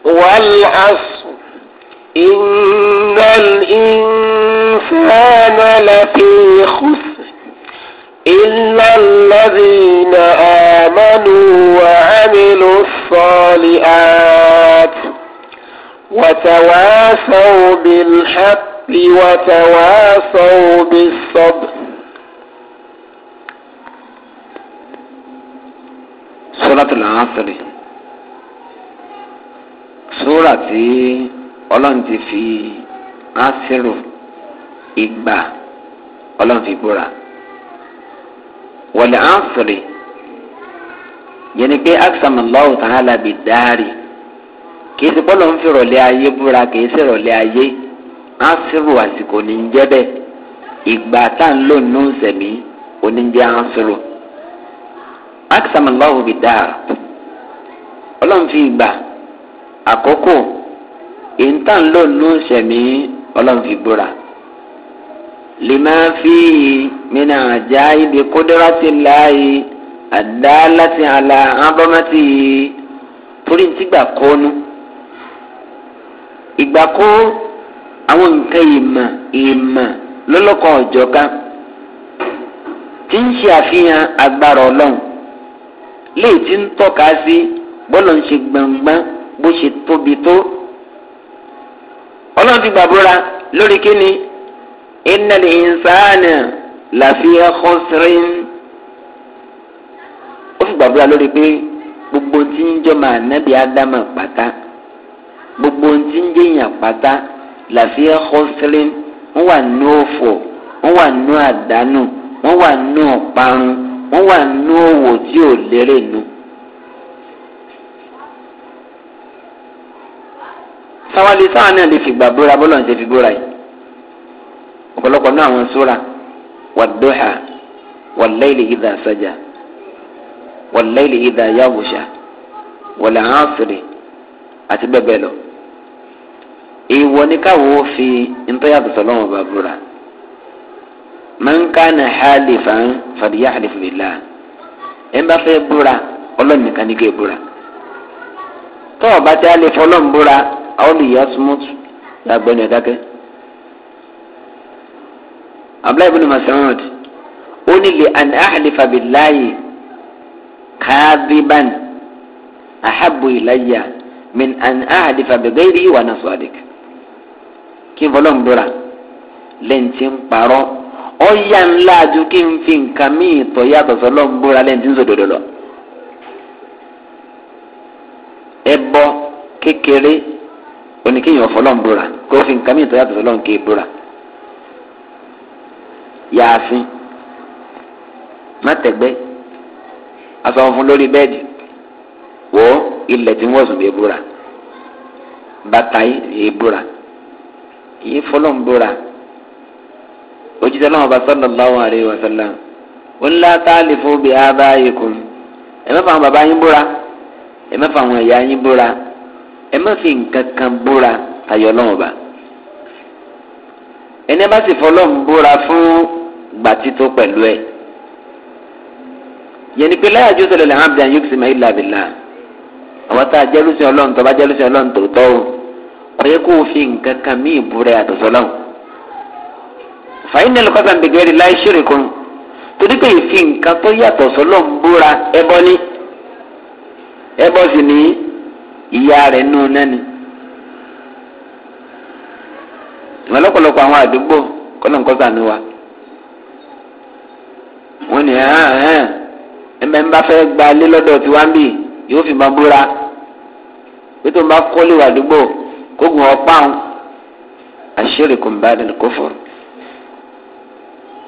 والعصر إن الإنسان لفي خسر إلا الذين آمنوا وعملوا الصالحات وتواصوا بالحق وتواصوا بالصبر
suratul asri sóra tí ọlọ́run ti fi asiru ìgbà ọlọ́run fi búra wal asri yẹni pé aksamallahu ta'ala bi dari kìí ṣe bọ́lọ̀ ń fi rọ̀lẹ́ ayé búra kìí ṣe rọ̀lẹ́ ayé asiru àsìkò ní ń jẹ́ bẹ́ẹ̀ ìgbà tá à ń lò nínú sẹ̀mí oníjẹ́ asiru aksamallahu bidar ọlọ́run fi gbà àkókò ìntàn ló ń lò sẹ̀mí ọlọ́run fi gbóra lima fi mina ajá ibi kódọ́rọ́ ti láàyè àdá láti àlà ábọ́mọ́tì torí ti gbà kọ́nu ìgbà kó àwọn nǹkan ìmọ̀ ìmọ̀ lọ́lọ́kọ̀ ọ̀jọ̀ká tí ń ṣe àfihàn agbára ọlọ́run léè tí ń tọ́ka sí bọ́lọ̀ ń ṣe gbọ̀ngbọ́n bó ṣe tóbi tó. ọlọ́run ti gbàbúra lórí kíni ìnàlè ìnsáàlẹ̀ làfihàn kọ́sìrín. ó fi gbàbúra lórí pé gbogbo tí ń jọ máa nábì ádámà pátá gbogbo tí ń jẹyàn pátá làfihàn kọ́sìrín wọ́n wà ní òfò wọ́n wà ní àdánù wọ́n wà ní ọ̀parun wọ́n wà nínú òwò tí ò lérè nù. sáwálé sáwọn náà lè fìgbà búra bọ́lọ̀ ń ṣe fi búra yìí ọ̀pọ̀lọpọ̀ náà àwọn sóra wàdúhà wàlẹ́lì ìdá sájà wàlẹ́lì ìdá yàwùṣà wàlẹ́ àásìrì àti bẹ́ẹ̀ bẹ́ẹ̀ lọ. èèwọ̀ ni káwọ́ fi ntọ́yàtọ̀ sọ̀lọ́wọ́n bá búra mankana halifan fadiya halifilila ẹ bá fẹ́ búra ọlọ́run nìkan ní kí ẹ búra tó o bá ti á lè fọlọ́n búra àwọn olùyà smooth lágbẹ́nu ẹ̀ dákẹ́. abdullahi bin masoud ó nílé an ahlifa bilayi kaadiban ahabu ilayya min an ahlifa bigairi wa nasadik kí n fọlọ́n búra lẹ́yìn tí ń parọ́ ọ̀yà ńlá ju kí n fi nǹkan míì tọ́ yàtọ̀ sọ́lọ́ ń búra lẹ́yìn tí ń sòdodo lọ. ẹbọ kékeré oníkéèyàn fọlọ́ ń búra kó fi nǹkan míì tọ́ yàtọ̀ sọ́lọ́ ń ké búra. yààfin mátẹ̀gbẹ́ aṣọ funfun lórí bẹ́ẹ̀dì wọ́ ilẹ̀ tí wọ́n sùn bí ebúra bàtà ebúra èyí fọlọ́ búra òjijì ọlọ́run ọba sallallahu alayhi wa sallam ńlá táàlì fún bí abáyékun ẹ mẹ́fà àwọn bàbá yín búra ẹ mẹ́fà àwọn ẹ̀yà yín búra ẹ má fi nǹkan kan búra tayọ ọlọ́run ọba ẹni bá sì fọlọ́run búra fún gbàtí tó pẹ̀lú ẹ̀ yẹnni pé láyà jù sọlẹ̀ lẹ́hàn abdàn yóò sì máa ilà abìlà àwọn tá a jẹ́rú sí ọlọ́run bá jẹ́rú sí ọlọ́run tòótọ́ o fàyín nílùú kọ́sà gbẹgbẹ́rẹ́ láì ṣírí kan torí pé ìfi nǹkan tó yàtọ̀ sọ́lọ́ ń búra ẹbọ ní ẹbọ sì ní ìyá rẹ̀ nù nání. ìwọ̀n lọ́pọ̀lọpọ̀ àwọn àdúgbò kọ́nà kọ́sà ni wa wọ́n ní ẹ̀mẹ́ ń bá fẹ́ gba ilé lọ́dọ̀ tí wọ́n ń bì yóò fi máa búra pé tó ń bá kọ́lé wàdúgbò kó gùn ọ́ pàun àṣírí kò ń bá dẹ̀ kó fọ̀rọ̀.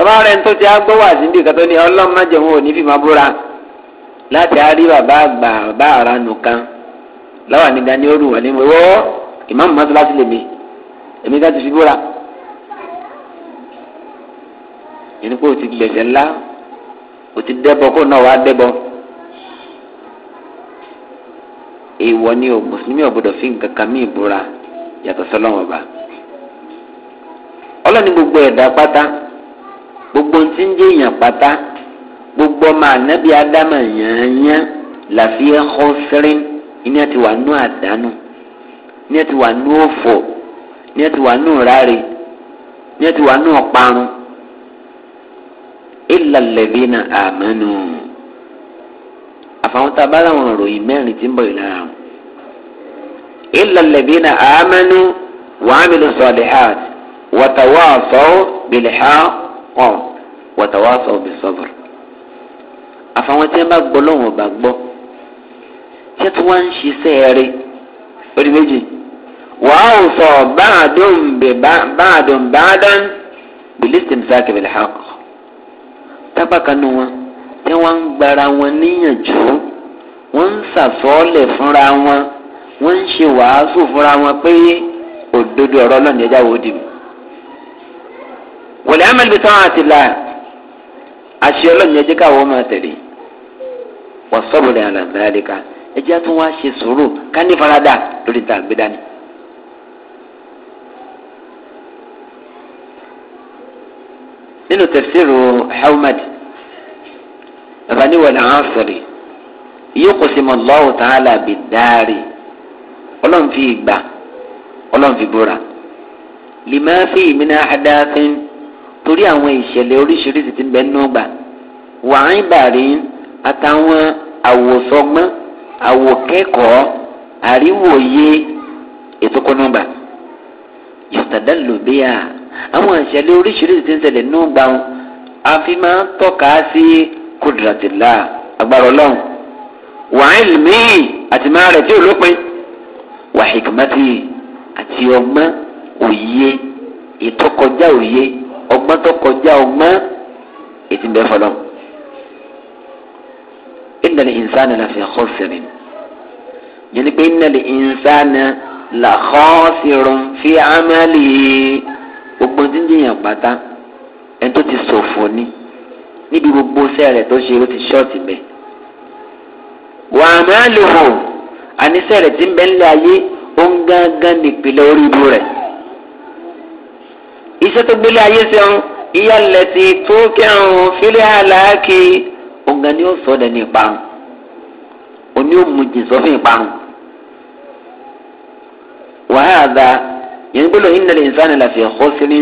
tọ́ba rẹ̀ ń tó ti agbó wà sí ibi kàtó ni ọlọ́run má jẹun òní fi máa búra láti arí bàbá àgbà bàbá ara nù kan lọ́wọ́ nígbà ní orú wọn ni mo wọ́ ìmáàmù mọ́tò láti lè mi èmi ká ti fi búra. ẹni pé o ti gbẹ̀sẹ̀ ńlá o ti dẹ́bọ kó náà wàá dẹ́bọ. èèwọ̀ ni o mùsùlùmí ọ̀gbọ́dọ̀ fi nǹkan kan mí ìbúra yàtọ̀ sọlọ́wọ́n ọba. ọlọ́ni gbogbo ẹ̀dá pátá gbogbo tí ń yéèyàn pátá gbogbo ọmọ ànábì ádámà yànyà làfihàn xɔsẹrin ní ẹ ti wà nù àdánù ní ẹ ti wà nù òfò ní ẹ ti wà nù ráre ní ẹ ti wà nù ọ̀parun ìlàlẹ̀bí na àmẹ́nu àfàwọn tá a bá láwọn ìròyìn mẹ́rin tí ń bọ̀ ìlànà àwọn ìlàlẹ̀bí na àmẹ́nu wàhámi lọ hàt wàtàwọ́ àṣọ bìlẹ̀ hàt wọn wọ̀tàwọ́sọ òbí sọ̀bùr. àfàwọn tí wọ́n bá gbọ́ lọ́wọ́ ọba gbọ́ ṣé tí wọ́n ń ṣiṣẹ́ rẹ̀ orí méjì wàá ò sọ báàdùn báàdùn báàdán bìlísìm sákìbìlì hàkọ́ tábàkanú wọn tí wọ́n ń gbara wọn níyànjú wọ́n ń sàsọ́ọ̀lẹ̀ fúnra wọn wọ́n ń ṣe wàásù fúnra wọn pé òdodo ọ̀rọ̀ ọlọ́ọ̀ni ẹja wo dì mí wọlé amẹ́lẹ́ tó hàn ti la àṣẹ ọlọ́run yẹn jẹ́ káwọ́ máa tẹ̀lé wọ́n sọ́bùrẹ̀ àlàmẹ́ríkà ẹjẹ́ tó wá ṣe sòrò ká ní farada lórí ta gbé dání. nínú tẹ̀síìrù ahmed bàbá ní wọlé àwọn sọ̀rọ̀ yóò kó sí mọ́lọ́wọ́ tààlà bìdáàrí ọlọ́run fi gbà ọlọ́run fi búra lè máa fi torí àwọn ìṣẹ̀lẹ̀ oríṣiríṣi ti bẹ́ẹ̀ nù gbà wàhíń bàrí àtàwọn àwòsọgbọ́n àwòkẹ́kọ̀ọ́ àríwòye ètòkọ́nùgbà yọ̀tàdá lòbíà àwọn ìṣẹ̀lẹ̀ oríṣiríṣi ti ń ṣẹlẹ̀ nù gbà wọn àfi máa ń tọ́ka sí kùdìrátìlá agbára ọlọ́run wàhíń mìíràn àti máa rẹ̀ tí ò lópin wàhíkìmátì àti ọgbọ́n òye ìtọ́kọjá òye ọgbọ́n tó kọjá ọgbọ́n ètí ń bẹ fọlọ́ ìnàlẹ̀ ìnsánà la fi kọ́ sẹ́rin yẹnni pé ìnàlẹ̀ ìnsánà la kọ́ sẹ́rin fi amálì gbogbo tí ń jẹyàn pátá ẹni tó ti sòfò ni níbi gbogbo sẹ́rẹ̀ tó ṣe ló ti ṣọ́ọ̀tì bẹ́ẹ̀ wà á máa lò hàn àníṣẹ́rẹ̀ tí ń bẹ lé ayé ó ń gángan nípìnlẹ̀ orí ibu rẹ̀ iṣẹ́ tó gbélé ayé sẹ́wọ̀n ìyá lẹ́tì tó kẹ́hùn fílẹ̀ àlàáké ọ̀gá ni ó sọ ọ́ dẹni ìparun òní ó mú jìn sọ́fìn ìparun. wàhálà yẹn gbọ́dọ̀ ìnàlẹ̀ ìsánì làfẹ́ ọ̀kọ́sírí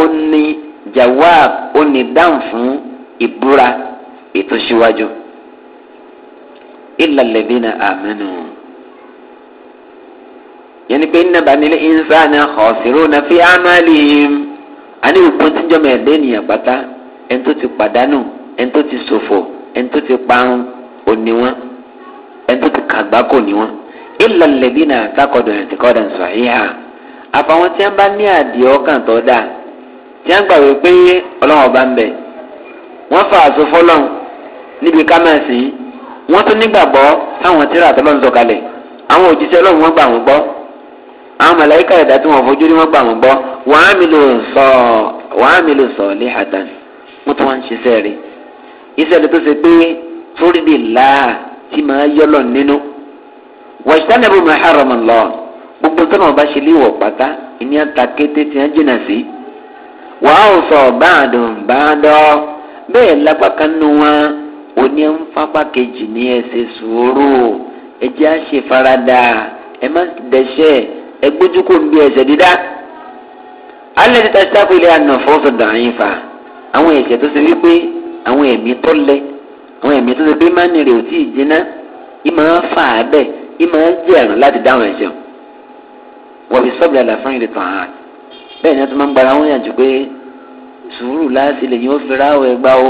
ó ní jawab ó ní dáhùn fún ìbúra ètò síwájú. ìlà lẹ́bínà àmínú yẹn ni pé ìnàbà nílé ìsánì ọ̀kọ́sírí fi ánú àlìyé ani gbogbo tí ń jọmọ ẹ̀dá ènìyàn pátá ẹni tó ti pàdánù ẹni tó ti sòfò ẹni tó ti parun òní wọn ẹni tó ti kàgbákò ní wọn ìlà lẹ́bí náà takọ̀dọ̀ ẹ̀ ti kọ́dà sọ àyíhà àfàwọn tí wọn bá ní àdìẹ ọkàn tó dáa tí wọn gbà wípé ọlọ́wọ́n ọba ń bẹ̀ wọ́n fa àṣọ fọlọ́n níbi kámẹ́sì wọ́n tún nígbàgbọ́ táwọn tíra àtọ́lọ́n sọ̀kalẹ̀ àwọn òjíṣẹ́ ọlọ́run wọ́n gbà wọ́n gbọ́ àwọn màláìka ẹ̀dá tí wọ́n fojú rí wọ́n gbà wọ́n gbọ́ wàá sọ lé wọn tún wá ń ṣiṣẹ́ rẹ̀ iṣẹ́ rẹ̀ tó ṣe pé tí màá yọlọ nínú ma hàrọmọ lọ gbogbo tó náà bá ṣe léwọ pátá ìní ata kété tí wọn jìnnà sí wàá ò sọ báàdùn báàdọ bẹ́ẹ̀ lápá kan nù wọn òní ń fapá kejì ní ẹsẹ sùúrù ẹjẹ àṣefaradà ẹ alẹ́ ti tẹ́tí tápẹ́lẹ́ àná fọ́ọ̀sọ̀ dàáyín fa àwọn ẹ̀jẹ̀ tó ṣe wípé àwọn ẹ̀mí tó lẹ àwọn ẹ̀mí tó ṣe pé má nìrè ò tí ì jiná ìmọ̀ fà á bẹ́ẹ̀ ìmọ̀ jẹ́ ẹ̀rùn láti dáhùn ẹ̀jẹ̀ wọ́n fi sọ́ọ̀bù àlà fún ìrètò àhàn bẹ́ẹ̀ ni wọ́n ti máa ń gbara wọn yànjú pé sùúrù láti lèyìn ó fi ráwọ̀ ẹgbà o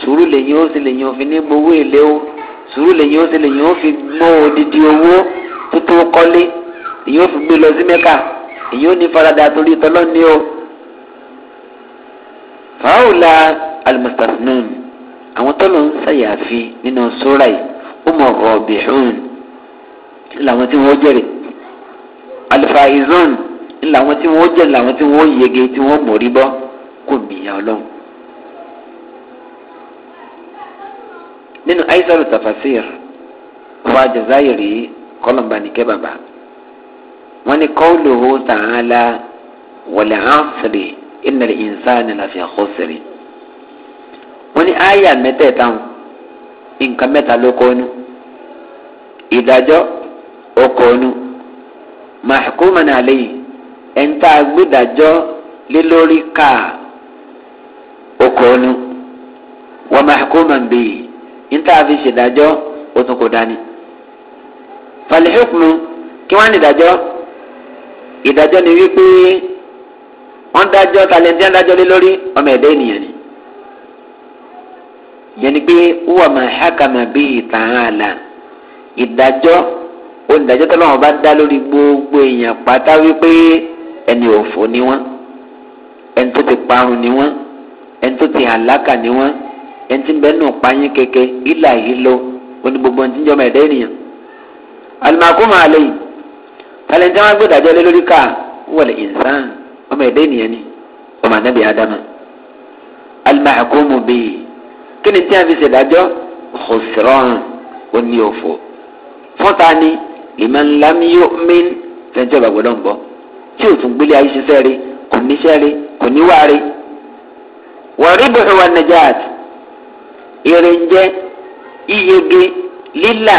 sùúrù lèyìn ó sì lèyìn ó fi ní gbowó èlé o sùúrù lèyìn ó sì lèyìn ó fi mọ́ odidi owó tó tó kọ́lé lèyìn ó fi gbé lọ sí mẹ́kà èyí ò ní farada torí tọ́lọ́ ni o. fàáwùlà alimustafinun àwọn tọ́lọ̀ ń ṣàyàfi nínú sóra yìí ó mọ̀ rọ̀bìhún làwọn tí wọ́n jẹ̀rẹ̀ alifaizon làwọn tí wọ́n jẹ̀rẹ̀ làwọn tí wọ́n yege tí wọ́n mọ̀rí bọ́ kò mìíyà ọlọ́run. nínú aisaru tafasir wa jazayiri kọlọmbanike baba wọ́n ní kọ́ọ̀lùhù tààlà wọ̀lẹ̀ ánsìrì ìnàlẹ̀ ìnsáni láfi àkọsìrì. wọ́n ní àyà mẹ́tẹ̀ẹ̀ta nǹkan mẹ́ta ló kọ́nu ìdájọ́ ó kọ́nu màkúmọ̀ náà lẹ́yìn ẹ̀ńtà gbẹ́dàjọ́ lé lórí káà ó kọ́nu wọ́n màkúmọ̀ bẹ́ẹ̀ níta fi ṣèdájọ́ ó tún kó dání. fàlẹ́ hukmu kí wọ́n á ní ìdájọ́ ni wípé wọ́n dájọ́ talẹ̀ntì adájọ́ lé lórí ọmọ ẹ̀dá ènìyàn ni yẹn ni pé wúwà máa hákàmà bí ìtàn àlà ìdájọ́ onídàájọ́ tó lọ́wọ́ bá dá lórí gbogbo èèyàn pátá wípé ẹni òfò ni wọ́n ẹni tó ti parun ni wọ́n ẹni tó ti àlákà ni wọ́n ẹni tí ń bẹ́ẹ̀ nù payín kẹ̀kẹ́ ìlà yìí lo oní ẹni tí ń jọmọ ẹ̀dá ènìyàn. alimakuma aleyhi ẹni tí wọn gbọdọ àjọlẹ lórí ká wọlé ìnsán ọmọ ẹdẹ nìyẹn ni ọmọ anabi adama alimahakomo bee kí ni tí a fi ṣèdájọ xosirọn oní òfò fọta ni limanlamiyo min fẹjọ bá gbọdọ ń bọ tí o tún gbélé ayé rí kò níṣẹ rí kò níwá wàrí bẹ̀rẹ̀ wà nàjàd èrè iyege lílà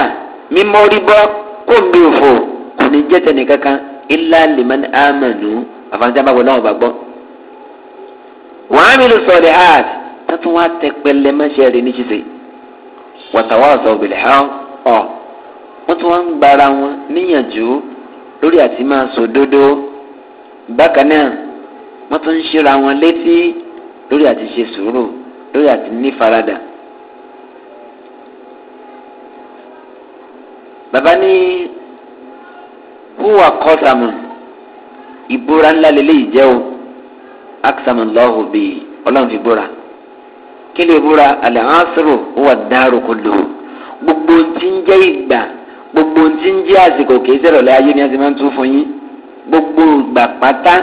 mímọ́rí bọ́ kó ń bí òfò ní jẹ́ tẹ̀lé kankan ilá lèmọ́n àmàlú àfàǹtí àbáwò lọ́wọ́ bá gbọ́. wọ́n á mi lò sọ̀rọ̀ hàt tẹ́tún wá tẹ pẹlẹ mẹ́sẹ̀ rẹ̀ níṣìṣe wàtàwá ọ̀sọ̀ òbílẹ̀ ọ̀ wọ́n tún wá ń gbára wọn níyànjú lórí àti máa sòdodo bákan náà wọ́n tún ń ṣera wọn létí lórí àti ṣe sùúrù lórí àti ní farada. bàbá ní ó wà kọ́sàmù ìbúra ńlá lélẹ́yìí jẹ́ o aksamu lọ́hùn bíi ọlọ́run fi búra kí lè búra àlẹ́ ansoro ó wà dárò kó lò gbogbo ti ń jẹ́ ìgbà gbogbo ti ń jẹ́ àsìkò kìí sẹ́rọ̀ lẹ́yìn ayé ni a ti máa ń tún fún yín gbogbo ìgbà pátá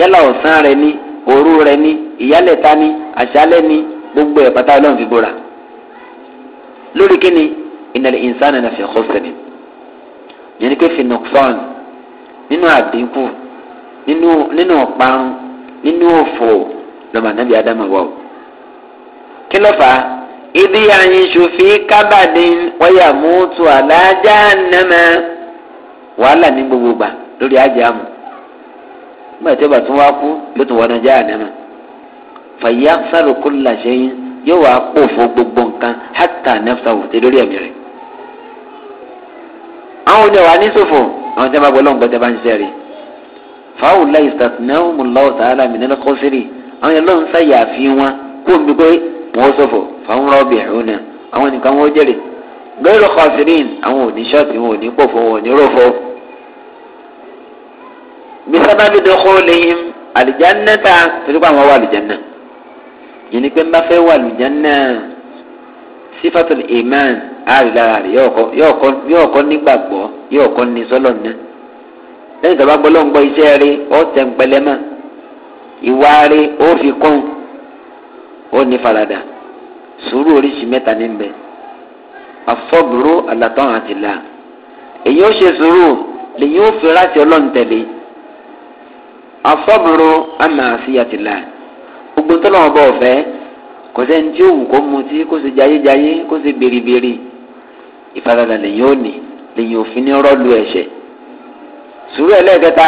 yálà ọ̀sán rẹ ni òru rẹ ni ìyálẹ̀ta ni àṣálẹ̀ ni gbogbo ẹ̀ pátá ọlọ́run fi búra lórí kíni ìnàlẹ̀ ìnsánà náà fi kọ́ sẹ́ni yẹn ni pé fi nùkfọ́ọ̀nù nínú àdínkù nínú nínú ọ̀parun nínú òfò lọ́mọ anábì ádámù wà o. kí ló fà á ibi àyìnṣu fi kábàdé wáyà mútu àlájá nàmẹ wàhálà ní gbogbo gbà lórí àjàmù nígbà tí ó bá tún wá kú ló tún wọnà já nàmẹ fàyà sàrùkú làṣẹyìn yóò wá pòfo gbogbo nǹkan hátà nẹfṣà wò tẹ lórí ẹmí rẹ. àwọn ò wà ní sòfò àwọn tẹ́ bá gbọ́ lọ́nkọ́ tẹ́ bá ń ṣiṣẹ́ rí fáwọn láì sàtìnáwó mu lọ́wọ́ sàálà mi nílẹ̀ kọ́ sírì àwọn yẹn lọ́n sàyà àfi wọn kó n bí pé wọ́n sọ̀fọ̀ fáwọn rọ́ọ̀bì ẹ̀hún náà àwọn nìkan wọ́n jẹ́rè gbẹ́rù kọ́ sírín àwọn òní ṣọ́ọ̀tì wọn òní pọ̀fọ́ wọn òní rọ̀fọ́. bí sábàbí dọ́kọ́ lẹ́yìn àlìjáná ta torí pé àwọn wà àlìjáná yìí ni pé ń fẹ́ wà àlìjáná sifatul iman ari lára rẹ̀ yóò kọ́ nígbàgbọ́ yóò kọ́ ní sọ́lọ̀ náà lẹ́yìn tó bá gbọ́ ló ń gbọ́ iṣẹ́ rí ó tẹ̀ ń pẹlẹ́ mọ́ ìwà rí ó fi kún ó ní farada sùúrù oríṣi mẹ́ta ní bẹ́ẹ̀ afọ́bùrú àlàtọ́hàn àti là èyí ó ṣe sùúrù lèyìn ó fi láti ọlọ́ǹtẹ̀lẹ̀ afọ́bùrú àmà àfíyàtì là gbogbo tó lọ́wọ́ bọ̀ fẹ́ẹ́ kò sẹ́ni tí ó wù kó mutí kó ṣe jayéjayé kó ṣe bèrèbèrè ìfaradà lèyìn ò ní lèyìn òfin ní rọ́ọ̀lù ẹ̀ṣẹ̀. sùúrù ẹlẹ́ẹ̀kẹta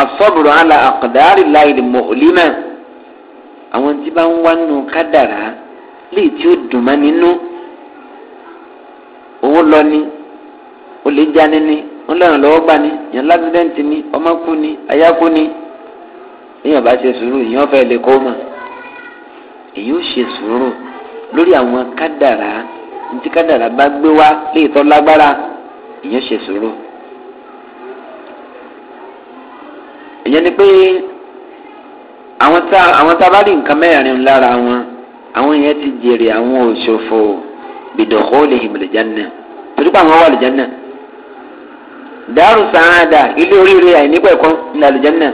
asọ́bùrù àlà àkàndárì láìlì mọ̀ọ́límẹ̀ àwọn tí bá ń wá nù kádàrá léyìí tí ó dùn mọ́ nínú owó lọ ni olè jáni ni wọn lọ́rùn gbà ni yàn lásìdẹ́ǹtì ni ọmọ kú ni ayá kú ni bá ṣe sùúrù yìí fẹ́ lè kó mọ̀ èyí ó ṣe sùúrù lórí àwọn kádàrá ntí kádàrá bá gbé wá léètọ́ lágbára èyí ó ṣe sùúrù. ìyẹn ni pé àwọn tá àwọn tá a bá rí nǹkan mẹ́rin lára wọn àwọn yẹn ti jèrè àwọn òṣòfò bìdòkó lè hìmìlì jánà torí pé àwọn wà lè jánà dàrú sàádà ilé oríire àìnípẹ̀kọ́ ńlá lè jánà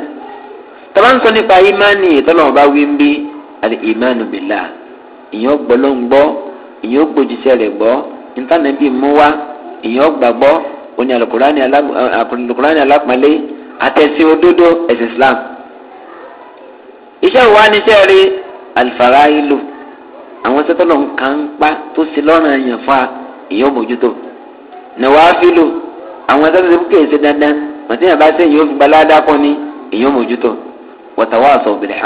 tọ́ba ń sọ nípa ìmánì ìtọ́lọ́wọ́ bá wí ń bí àti ìmánu bìlà ìyẹn gbọ́ ló ń gbọ́ ìyẹn gbòjìṣẹ́ rẹ̀ gbọ́ ntànàbí mú wá ìyẹn gbàgbọ́ oní alukurani alápàlẹ́ àtẹ̀sí òdodo ẹ̀sìn islam. iṣẹ́ ìwà níṣẹ́ rí alfarailu àwọn sẹ́tọ́lọ̀ nǹkan pa tó sí lọ́rùn ẹ̀yàn fa ìyẹn òmójútó. nàwáfílù àwọn sẹ́tọ́lọ̀ tó kéèsè dandan màtíyàn bá sẹ́yìn yóò fi gbalá dákọ́ ni ìyẹn òmójútó. wọ́tàwá àsọ̀ bìlẹ̀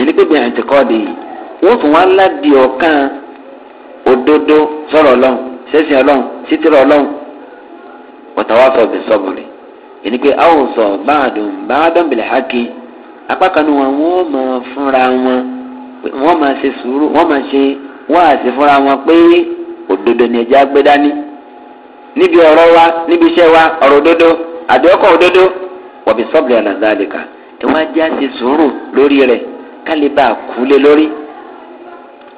ìdíkébì àǹtíkọ́ọ̀dì yìí wọ́n tún wá ládìí ọ̀kan òdodo sọ̀rọ̀ ọlọ́run sẹ́sìn ọlọ́run títírọ̀ ọlọ́run wọ̀tàwọ́sọ̀ bẹ̀ sọ́bùrì ìní pé àwòsàn báàdùn báàdùn bìlẹ̀ hákì apá kan ní wọn wọ́n máa fúnra wọn wọ́n máa ṣe sùúrù wọ́n máa ṣe wáàsí fúnra wọn pé òdodo ni ẹja gbé dání níbi ọ̀rọ̀ wa níbi iṣẹ́ wa ọ̀rọ̀ òdodo àdéhùkọ̀ òdodo wọ̀bì sọ́bùrì àlàzà àdìkà ẹ wá já ṣe sùúrù lórí rẹ̀ kálíbà kúlé lórí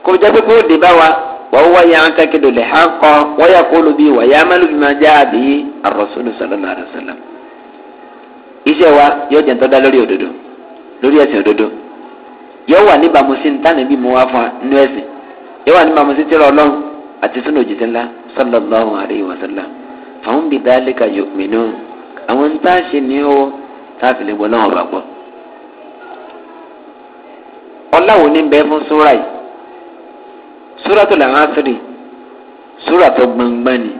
kò jẹ́ pé kó dé bá wa wọ́n wáyà ń takido lè ha kọ́ wọ́yà kó lu bí wàyà amálù bí máa jẹ́ àbí arọ́sọ́lù sọ́lọ́lá àrọ́sọ́lá iṣẹ́ wa yóò jẹ́ ntọ́da lórí òdodo lórí ẹ̀sìn òdodo yóò wà níbàámu sí ntánà bí mo wá fún wa nínú ẹ̀sìn yóò wà níbàámu sí tìrọ ọlọ́run àti sínú òjijì ńlá sọ́lọ́lá àríyí wàsálà fàwọn bí dáálé ka yọ mìíràn àwọn ntá ṣe ó tá a náà wà gbọ́ ọláwo ní bẹ́ẹ̀ fún súra yìí súra tó làwọn asiri súra tó gbangba ni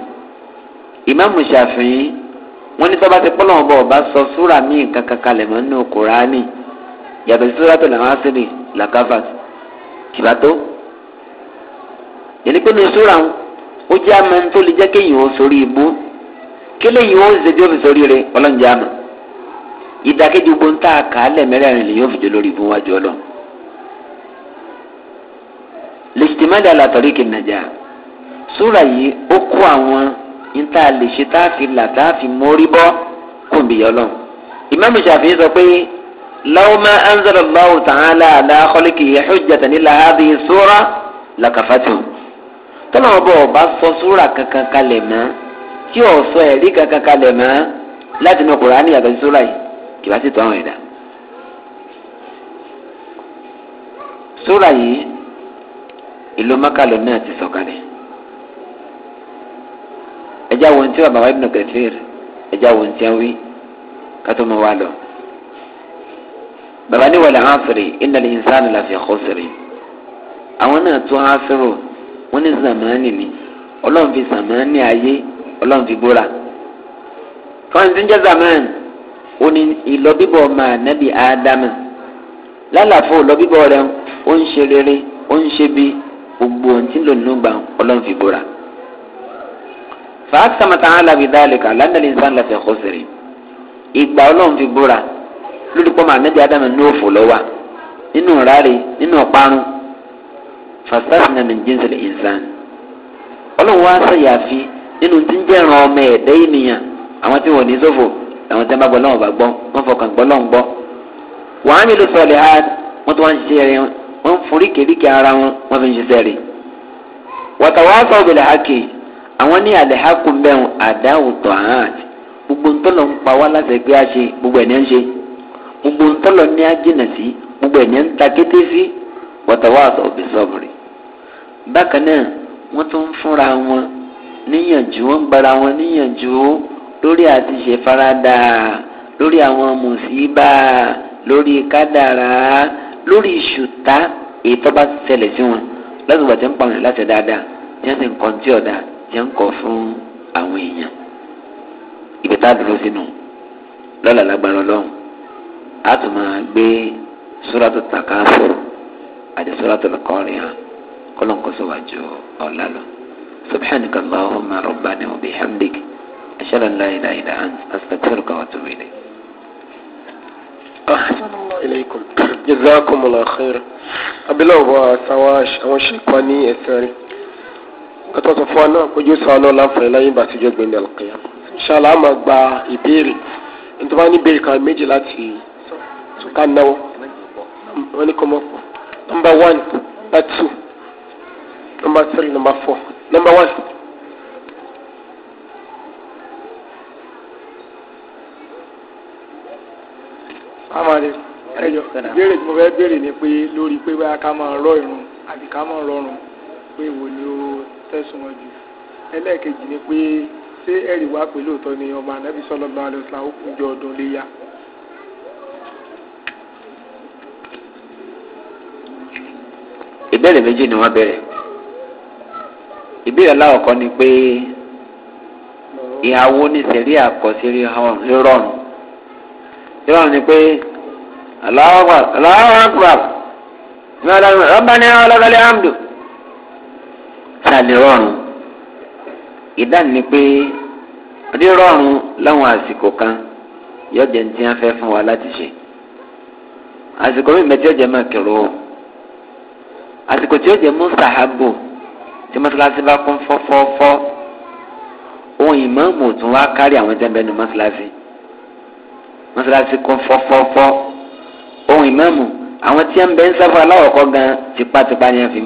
ìmáàmù ṣàfihàn wọn ní sábà ti pọ́lọ́ ọba ọba sọ súra míì kankan kalẹ̀ mọ́ nínú kùránì yàtọ̀ sí súra tó làwọn asiri làkàfàt kìlá tó yẹn ní pé ní súra wọn ó jẹ́ àmọ́ tó lè jẹ́ kéèyàn ó sórí ibú kí ó ṣe tí ó fi sórí rẹ ọlọ́njẹ́ àmọ́ ìdákẹ́jọ gbóńtà kàálẹ̀ mẹ́rẹ̀ẹ̀rin lèyìn ó fi jọ lórí ibú wájú ọlọ́run lèṣitìmáàdì alàtọ̀ríkì nàjà súra yìí ó kó àwọn níta lè ṣe tá a fi là tá a fi mórí bọ́ kùnbìyàn lọ. ìmáàmù ṣàfihàn sọ pé law ma anzala allahu ta'ala ala khalqihi hujjatan illa hadhihi súra làkàfàtì. tọ́lá ọba ọba sọ súra kankan kalẹ̀ mọ́ tí ò sọ ẹ̀rí kankan kalẹ̀ mọ́ láti inú kùránì àtọ́jú súra yìí kì bá sì tọ́ àwọn ẹ̀dá. súra yìí ìlú makalo náà ti sọ̀kalẹ̀ ẹjẹ́ àwọn tí bàbá wa ibùdó kẹfìr ẹjẹ́ àwọn tí wọ́n wí kátó mọ́ wa lọ. bàbá ní wàlẹ̀ ánsìrì iná lè nsánì láfi ọ̀kọ́sìrì àwọn náà tún ánsìrò wọ́n ní sàmánì ni ọlọ́run fi ayé ọlọ́run bóra. fọ́nrán ń jẹ́ sàmánì ó ní ìlọ́bíbọ̀ ọmọ ànábì ádámà lálàfo ìlọ́bíbọ̀ rẹ̀ ó ń ṣe rere ó ń ṣe bíi gbogbo ọtí lónìí gbà ọlọ́run fi bóra. fàákì sàmàtà hàn lábi dáàlìkà lánàlì nsàn lẹsẹ̀ kó sèré ìgbà ọlọ́run fi bóra lórí pọ́nmọ́ ànábì ádámù ní òfò lọ́wọ́ nínú ìráre nínú ọ̀parun fàṣásìnà mi jíǹsì ìnsàn. ọlọ́run wá sẹ̀yàfi nínú tí ń jẹ́ràn ọmọ ẹ̀dẹ́ ènìyàn àwọn tí wọ́n ní sófò àwọn tí wọ́n bá gbọ́ lọ́wọ́ wọ́n foríkèríkè ara wọn wọ́n fi ń ṣiṣẹ́ rè wàtàwáfà òbílẹ̀ hákè àwọn ní àlẹ́ hákùn bẹ́ẹ̀ àdáwùtọ̀ hàn gbogbo ntọ́lọ̀ ń pa wá láti ẹgbẹ́ àṣe gbogbo ẹ̀ ní ń ṣe gbogbo ntọ́lọ̀ ní àjìnà sí gbogbo ẹ̀ ní ń ta kété sí wàtàwáfà òbí sọ́ọ̀bùrì bákan náà wọ́n tún fúnra wọn níyànjú wọ́n gbara wọn níyànjú lórí àti ṣe farada lórí àwọn mùsíbà lórí kádàrá lórí ìṣùtá èyí tó bá ṣẹlẹ̀ sí wọn lọ́sùn gbàtẹ́ ń pààyàn láti dáadáa tí wọ́n sì ń kọ́ tí ọ̀dà tí wọ́n ń kọ́ fún àwọn èèyàn ibi tá a dúró sínú lọ́la lágbára ọlọ́run a tún máa gbé sóràtò tàkà fòrò àti sóràtò lọ́kọ́rin hàn kọ́lọ́n kó sọ wájú ọ̀la lọ. سبحانك اللهم ربنا وبحمدك أشهد أن لا إله إلا
أنت أستغفرك وأتوب إليك أحسن الله إليكم jazakumullahu khairan abiláwọ̀ àtàwọn àwọn ṣèpá ní ẹ̀sẹ̀ rẹ̀ kátàtà fún wa náà kójú sàánú láǹfààní láyé bá ti jọ gbẹ̀ndẹ̀ àlùkìyà ṣàlà àmà gba ìbéèrè nítorí wọn ní ìbéèrè kan méjì láti ká náwó wọn ní kọ́mọ́ pọ̀ nọmba one nọmba two nọmba three nọmba four nọmba one. Assalamu béèrè tí mo fẹ́ béèrè ni pé lórí pé báyà ká máa rọ irun àbí ká máa rọrùn pé wo ni ó tẹ̀sùn wọn jù ẹlẹ́ẹ̀kejì ni pé ṣé ẹ̀rí wá pé lóòótọ́ ni ọmọ anábì sọ́lọ́ bá lọ sílá ó kú jọ ọdún léyà.
ìbéèrè méjì ni wọ́n bẹ̀rẹ̀ ìbéèrè aláwọ̀kọ́ ni pé ìhàwó ní sẹ̀rí àkọsílẹ̀ rọrùn rọrùn ni pé. الله أكبر الله أكبر rabbana lakal hamdu sàlẹ̀ rọrùn ìdáhùn ni pé rírọrùn láwọn àsìkò kan yóò jẹ́ ní tí wọ́n fẹ́ fún wa láti ṣe àsìkò mi mẹ́tí ó jẹ́ mẹ́kìrò o àsìkò tí ó jẹ́ mùsàhábò tí mọ́sálásí bá kún fọ́fọ́fọ́ ohun ìmọ̀ọ́mù tún wá kárí àwọn jẹ́ bẹ́ẹ̀ ní mọ́sálásí mọ́sálásí kún fọ́fọ́fọ́. ohun ìmáàmù àwọn tí wọ́n bẹ ń sáfù aláwọ̀kọ́ gan tipátipá ni fi ń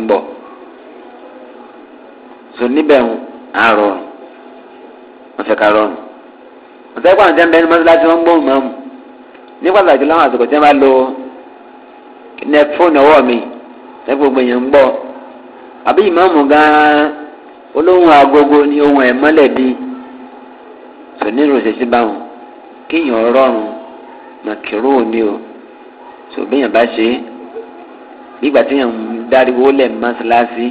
so níbẹ̀ ń àrọ̀rùn wọ́n fẹ́ ká rọrùn ọ̀sẹ̀ pé àwọn tí wọ́n bẹ ní mọ́tíláṣí wọ́n ń gbóhùn ìmáàmù ní pàtàkì láwọn àsìkò tí lo ọwọ́ mi gbogbo ń àbí ìmáàmù gan olóhùn agogo ni ohun ẹ̀ bí nínú báwọn kéèyàn rọrùn sòbí yẹn bá ṣe nígbà tí yẹn ń dáríwó lẹ̀ mọ́ṣáláṣí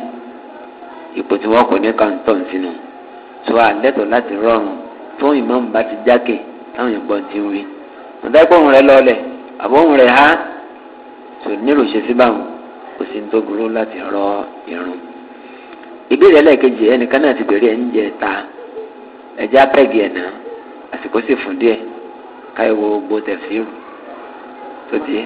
ipò tí wọ́n kò ní kàńtọ̀ sínú tó àlẹ́tọ̀ láti rọrùn tó ìmọ̀ọ́mù bá ti jákè táwọn ìbọn ti ń wí. ọ̀dàpọ̀ òun rẹ̀ lọ́ọ̀lẹ̀ àbọ̀ òun rẹ̀ há tò nílò ṣe sí báwọn kò sí ní tó burú láti rọ irun. ìbéèrè ẹlẹ́ẹ̀kejì ẹnìkan náà ti bèrè ẹ̀ ń ta ẹ̀jẹ̀ apẹ́gì ẹ̀ àsìkò sì fún díẹ̀ káyọ̀ gbogbo tẹ̀síìrù tó díẹ̀.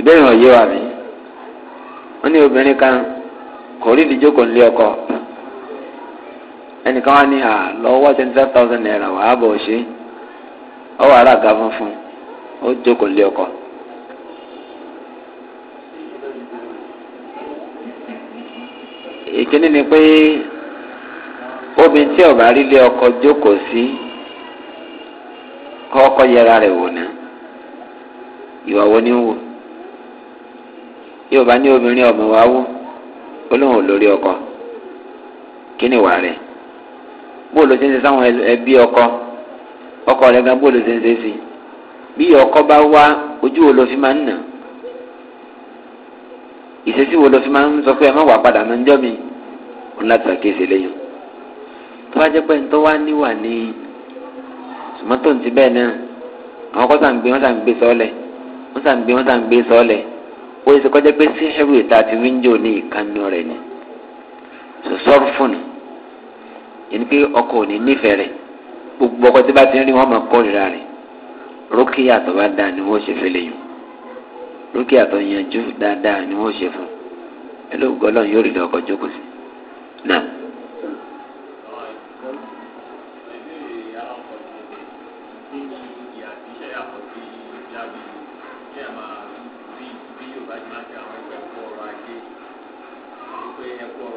ìbéèrè wọn yé wa mi wọn ní obìnrin kan kò rí ìdíjókòó nílé ọkọ ẹnìkan wá ní à lọ́wọ́ twenty five thousand naira wà á bọ̀ ṣe ọ wà ga ó jókòó nílé ọkọ. ni pé obìnrin tí ọba rí lé ọkọ jókòó sí ọkọ yẹra rẹ̀ wò ná ìwà yóò bá ní obìnrin ọmọ wa wú olóhùn olórí ọkọ kí ni wàá rẹ bó ló ti ń ṣe sáwọn ẹbí ọkọ ọkọ rẹ gan bó ló ti ń ṣe sí bí ọkọ bá wá ojú wo ló fi máa ń nà ìṣesí wo ló fi máa ń sọ pé ẹ má wà padà máa ń mi òun láti ṣàkíyèsí lẹ́yìn tó bá jẹ́ pé ní tó wá níwà ní sùmọ́tò ti bẹ́ẹ̀ náà àwọn kọ́ sàǹgbé wọ́n sàǹgbé sọ́ọ̀lẹ̀ wọ́n sàǹgbé wọ́n sàǹgbé sọ́ọ̀lẹ̀ ó yẹ kọjá pé síhìrì ìta àti wíńdò ní ìkànnì ni sọ̀rọ̀ fún yẹn pé ọkọ̀ ò ní gbogbo ọkọ tí bá ti ń rí wọn máa kórìíra rẹ̀ rókìyà tó bá dáa ni wọ́n ṣe fẹ́lẹ̀ yìí rókìyà tó yanjú dáadáa ni wọ́n ṣe fún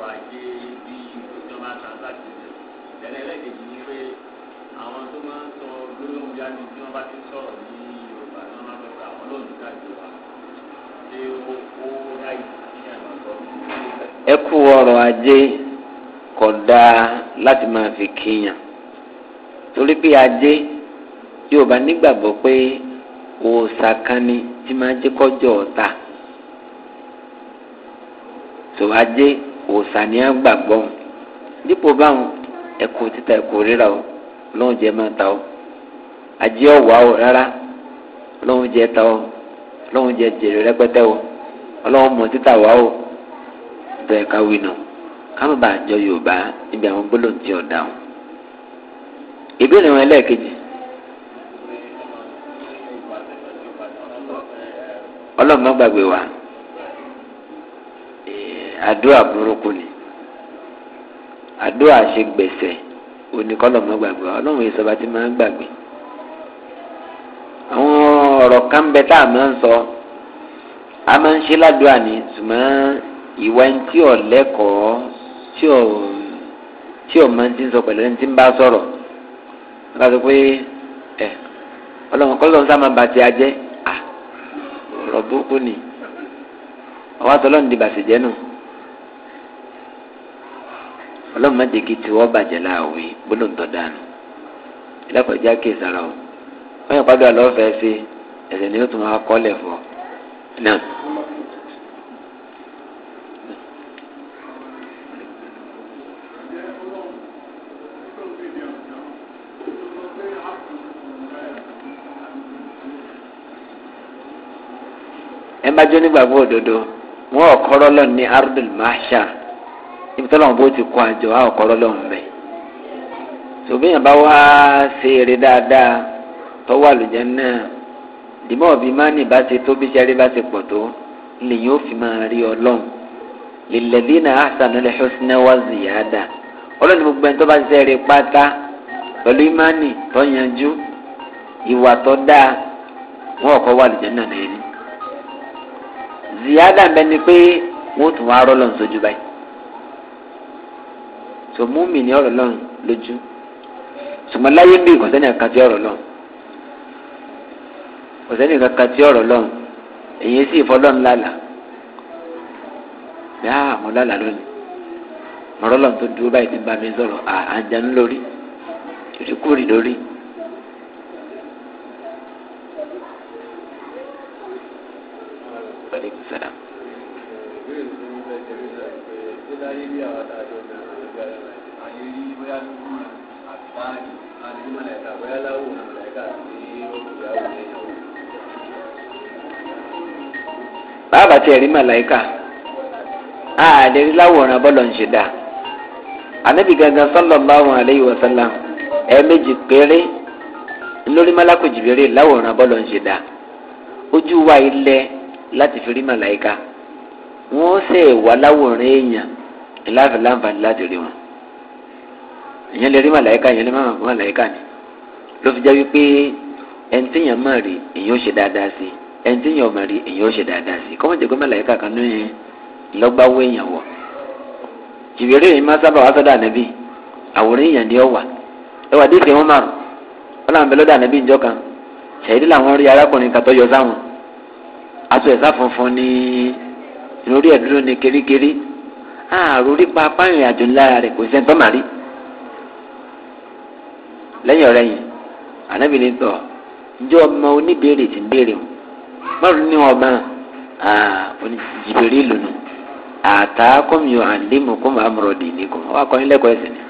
ọrọ̀ ajé bí ìgbésẹ̀ máa transact business tẹ̀lé ni pé àwọn tó máa ń sọ gbólóhùn bí ami tí wọ́n tí gba àwọn káàkiri wa ṣé ó kó ní ẹ̀rọ sọ.
ẹ kú ọrọ̀ ajé kò dáa láti máa fi kíyàn òòsàn gbàgbọ́ dípò báwọn ẹ̀kọ́ títa ẹ̀kọ́ ríra o lóun jẹ́ máa ta o ajé ọ̀wá rárá jẹ́ ta o lóun jẹ́ jèrè rẹpẹtẹ o ọlọ́wọ́n mọ̀ wá o bẹ́ẹ̀ káwọn bá àjọ yorùbá níbi àwọn gbólóhùn tí ọ̀dà o ìbéèrè wọn àdúrà burúkú ni àdúrà ṣe gbèsè oníkọ́lọ́mọ gbàgbé ọlọ́run ìsọba ti máa ń gbàgbé àwọn ọ̀rọ̀ kan bẹ tá a máa ń sọ a máa ń ṣe ládùúrà ni ṣùgbọ́n ìwà ẹni tí ò lẹ́kọ̀ọ́ tí ò máa ń ti sọ pẹ̀lú ẹni tí ń bá sọ̀rọ̀ nígbà tó pé ẹ ọlọ́run kọ́lọ́run sá máa bà tí a ọ̀rọ̀ burúkú ni ọwọ́ àtọ́lọ́run di bàṣẹ̀jẹ́ náà ọlọ́run má jẹ́ kí tiwọ́ bàjẹ́ láàwí gbólóńtọ́ dànù ìlẹ́kọ̀ọ́jà kìí sára o wọ́n yàn pàdé àlọ́fẹ́ sí ẹ̀sẹ̀ ni ó tún máa kọ́lẹ̀ fọ́ náà. ẹ má jó nígbàgbọ́ òdodo wọn ò kọ́rọ́ lọ ní ardul mahsha ibi tọ́lọ̀ wọn bó ti kọ́ àjọ a ọ̀kọ́ lọ́lọ́run bẹ̀. sòbíyàn bá wá ṣe eré dáadáa tọ́wọ́ àlùjẹ́ náà dìbò ọ̀bí mánì bá ti tó bí sẹ́rí bá ti pọ̀ tó lèyìn ó fi máa rí ọlọ́run lèlẹ́bí náà àṣàlù lè ṣọ́sínà wá zìyàdà ọlọ́run gbogbo ẹni tó bá ṣiṣẹ́ rẹ pátá pẹ̀lú ìmánì tó yanjú ìwà tó dáa wọn ọ̀kọ́ wà lùjẹ́ náà nìyẹn zìyàdà bẹ́ni pé wọ́n tún wá rọ́lọ́run sójú báyìí so múmi ní ọ̀rọ̀ lọ́run lójú ṣùgbọ́n láyé ń bí ìkọ̀sẹ́nì kan ti ọ̀rọ̀ lọ́run ìkọ̀sẹ́nì kan ti ọ̀rọ̀ lọ́run èyí sì fọlọ́run lálà yá àwọn lálà lónìí mọ̀rọ́lọ́run tó dúró báyìí ti ń bá mi sọ̀rọ̀ àjẹun lórí ìrìkúrì lórí. bá tiẹ̀ rí màláìka àlè láwòrán bọ́lọ̀ ń ṣe dá ànábì gangan sallallahu alayhi wa sallam ẹ̀ẹ́mẹ́jì péré lórí malako jìbìrì láwòrán bọ́lọ̀ ń ṣe dá ojú wa ilẹ̀ láti fi rí màláìka wọ́n sì wà láwòrán èèyàn láfi láǹfààní láti rí wọn èèyàn lè rí màláìka èèyàn lè má màláìka ni ló fi jẹ́ wípé ẹni tí èèyàn máa rí èèyàn ó ṣe dáadáa sí i. ẹni tí yàn ọmọ rí èyàn ó ṣe dáadáa sí kọ́mọ̀ jẹ́ pé mẹ́lẹ̀ẹ́ká kan ní wọ èyàn wọ̀ jìbìrì yìí má sábà wá sọ́dọ̀ ànábì àwòrán èyàn ni ó wà ẹ wà déètì wọn márùn wọn làwọn bẹ ànábì ìjọ kan ṣèyídì làwọn rí arákùnrin yọ sáwọn aṣọ ẹ̀sà funfun ní ní kò sẹ́ńtọ́ màrí lẹ́yìn ọ̀rẹ́yìn ànábì ní tọ̀ ọmọ oníbèrè ti ń béèrè wọn mọ́rù ní ọmọ jìbìrì lónìí àtàkùn yóò àndínmù kó máa mọ̀rọ̀ dì ní kò wá kọ́ ilé ẹ̀kọ́ ẹ̀sìn ni.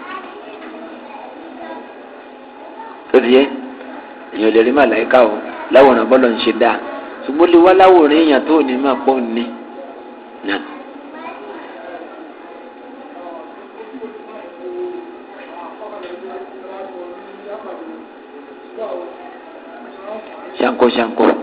tó ti yẹ èèyàn lè rí màláìka o láwòrán bọ́lọ̀ ń ṣe dáa ṣùgbọ́n lè wá láwòrán èèyàn tó ní máa pọ̀ ní. ṣanko ṣanko.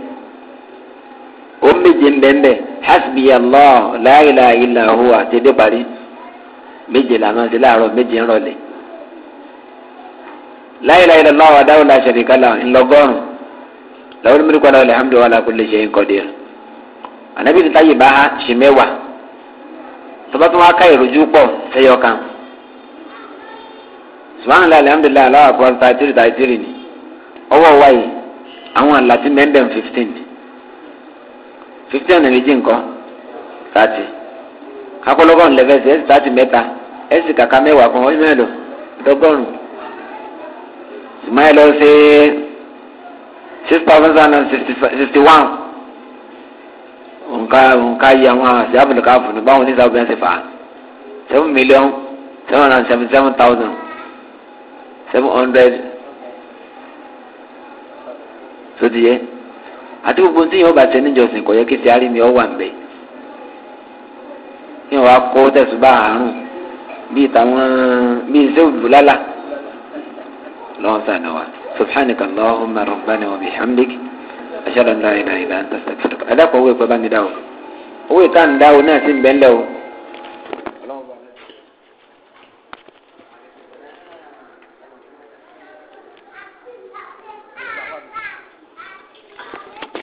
ó mbembe, ń hasbi allah láìla ilà huwa tẹ́lẹ̀ parí méje lànà sí láàárọ̀ méje ń allah wa dáwọ́ la la ńlọgọ́rùn làwọn mímu kọ́ra alhamdulilayi anabi a ṣe mẹ́wàá tọ́ba tó wáá ká ìrojú pọ̀ ẹyọ kan subahana alhamdulilayi aláwọ̀ ni lati fifty and méjì nǹkan thirty akọlọgọ ńlẹfẹsẹ ẹsì thirty mẹ́ta ẹsì kaka mẹ́wàá kan ọyún mẹlò dọgọrùn ìmáyé lọ six thousand and sixty one nǹka nǹka yìí àwọn àti abùlùkà fún báwọn ní sábẹ́ ṣe fà á seven million seven hundred and seventy seven thousand seven hundred sódìyẹ àti gbogbo tí yóò bá ṣe níjọsìn kò yẹ kí sáré mi ọ wà ń bẹ kí wọn wá kó tẹsùbà àrùn bíi tàwọn bíi iṣẹ òbúlálà lọ́wọ́ sànà wa subhanaka allahumma rabbani wa bihamdik ashhadu an la ilaha illa anta astaghfiruka adakọ owó ìpẹ́ bá mi dá o owó ìta ń dá o náà sì ń bẹ́ńlẹ̀ o.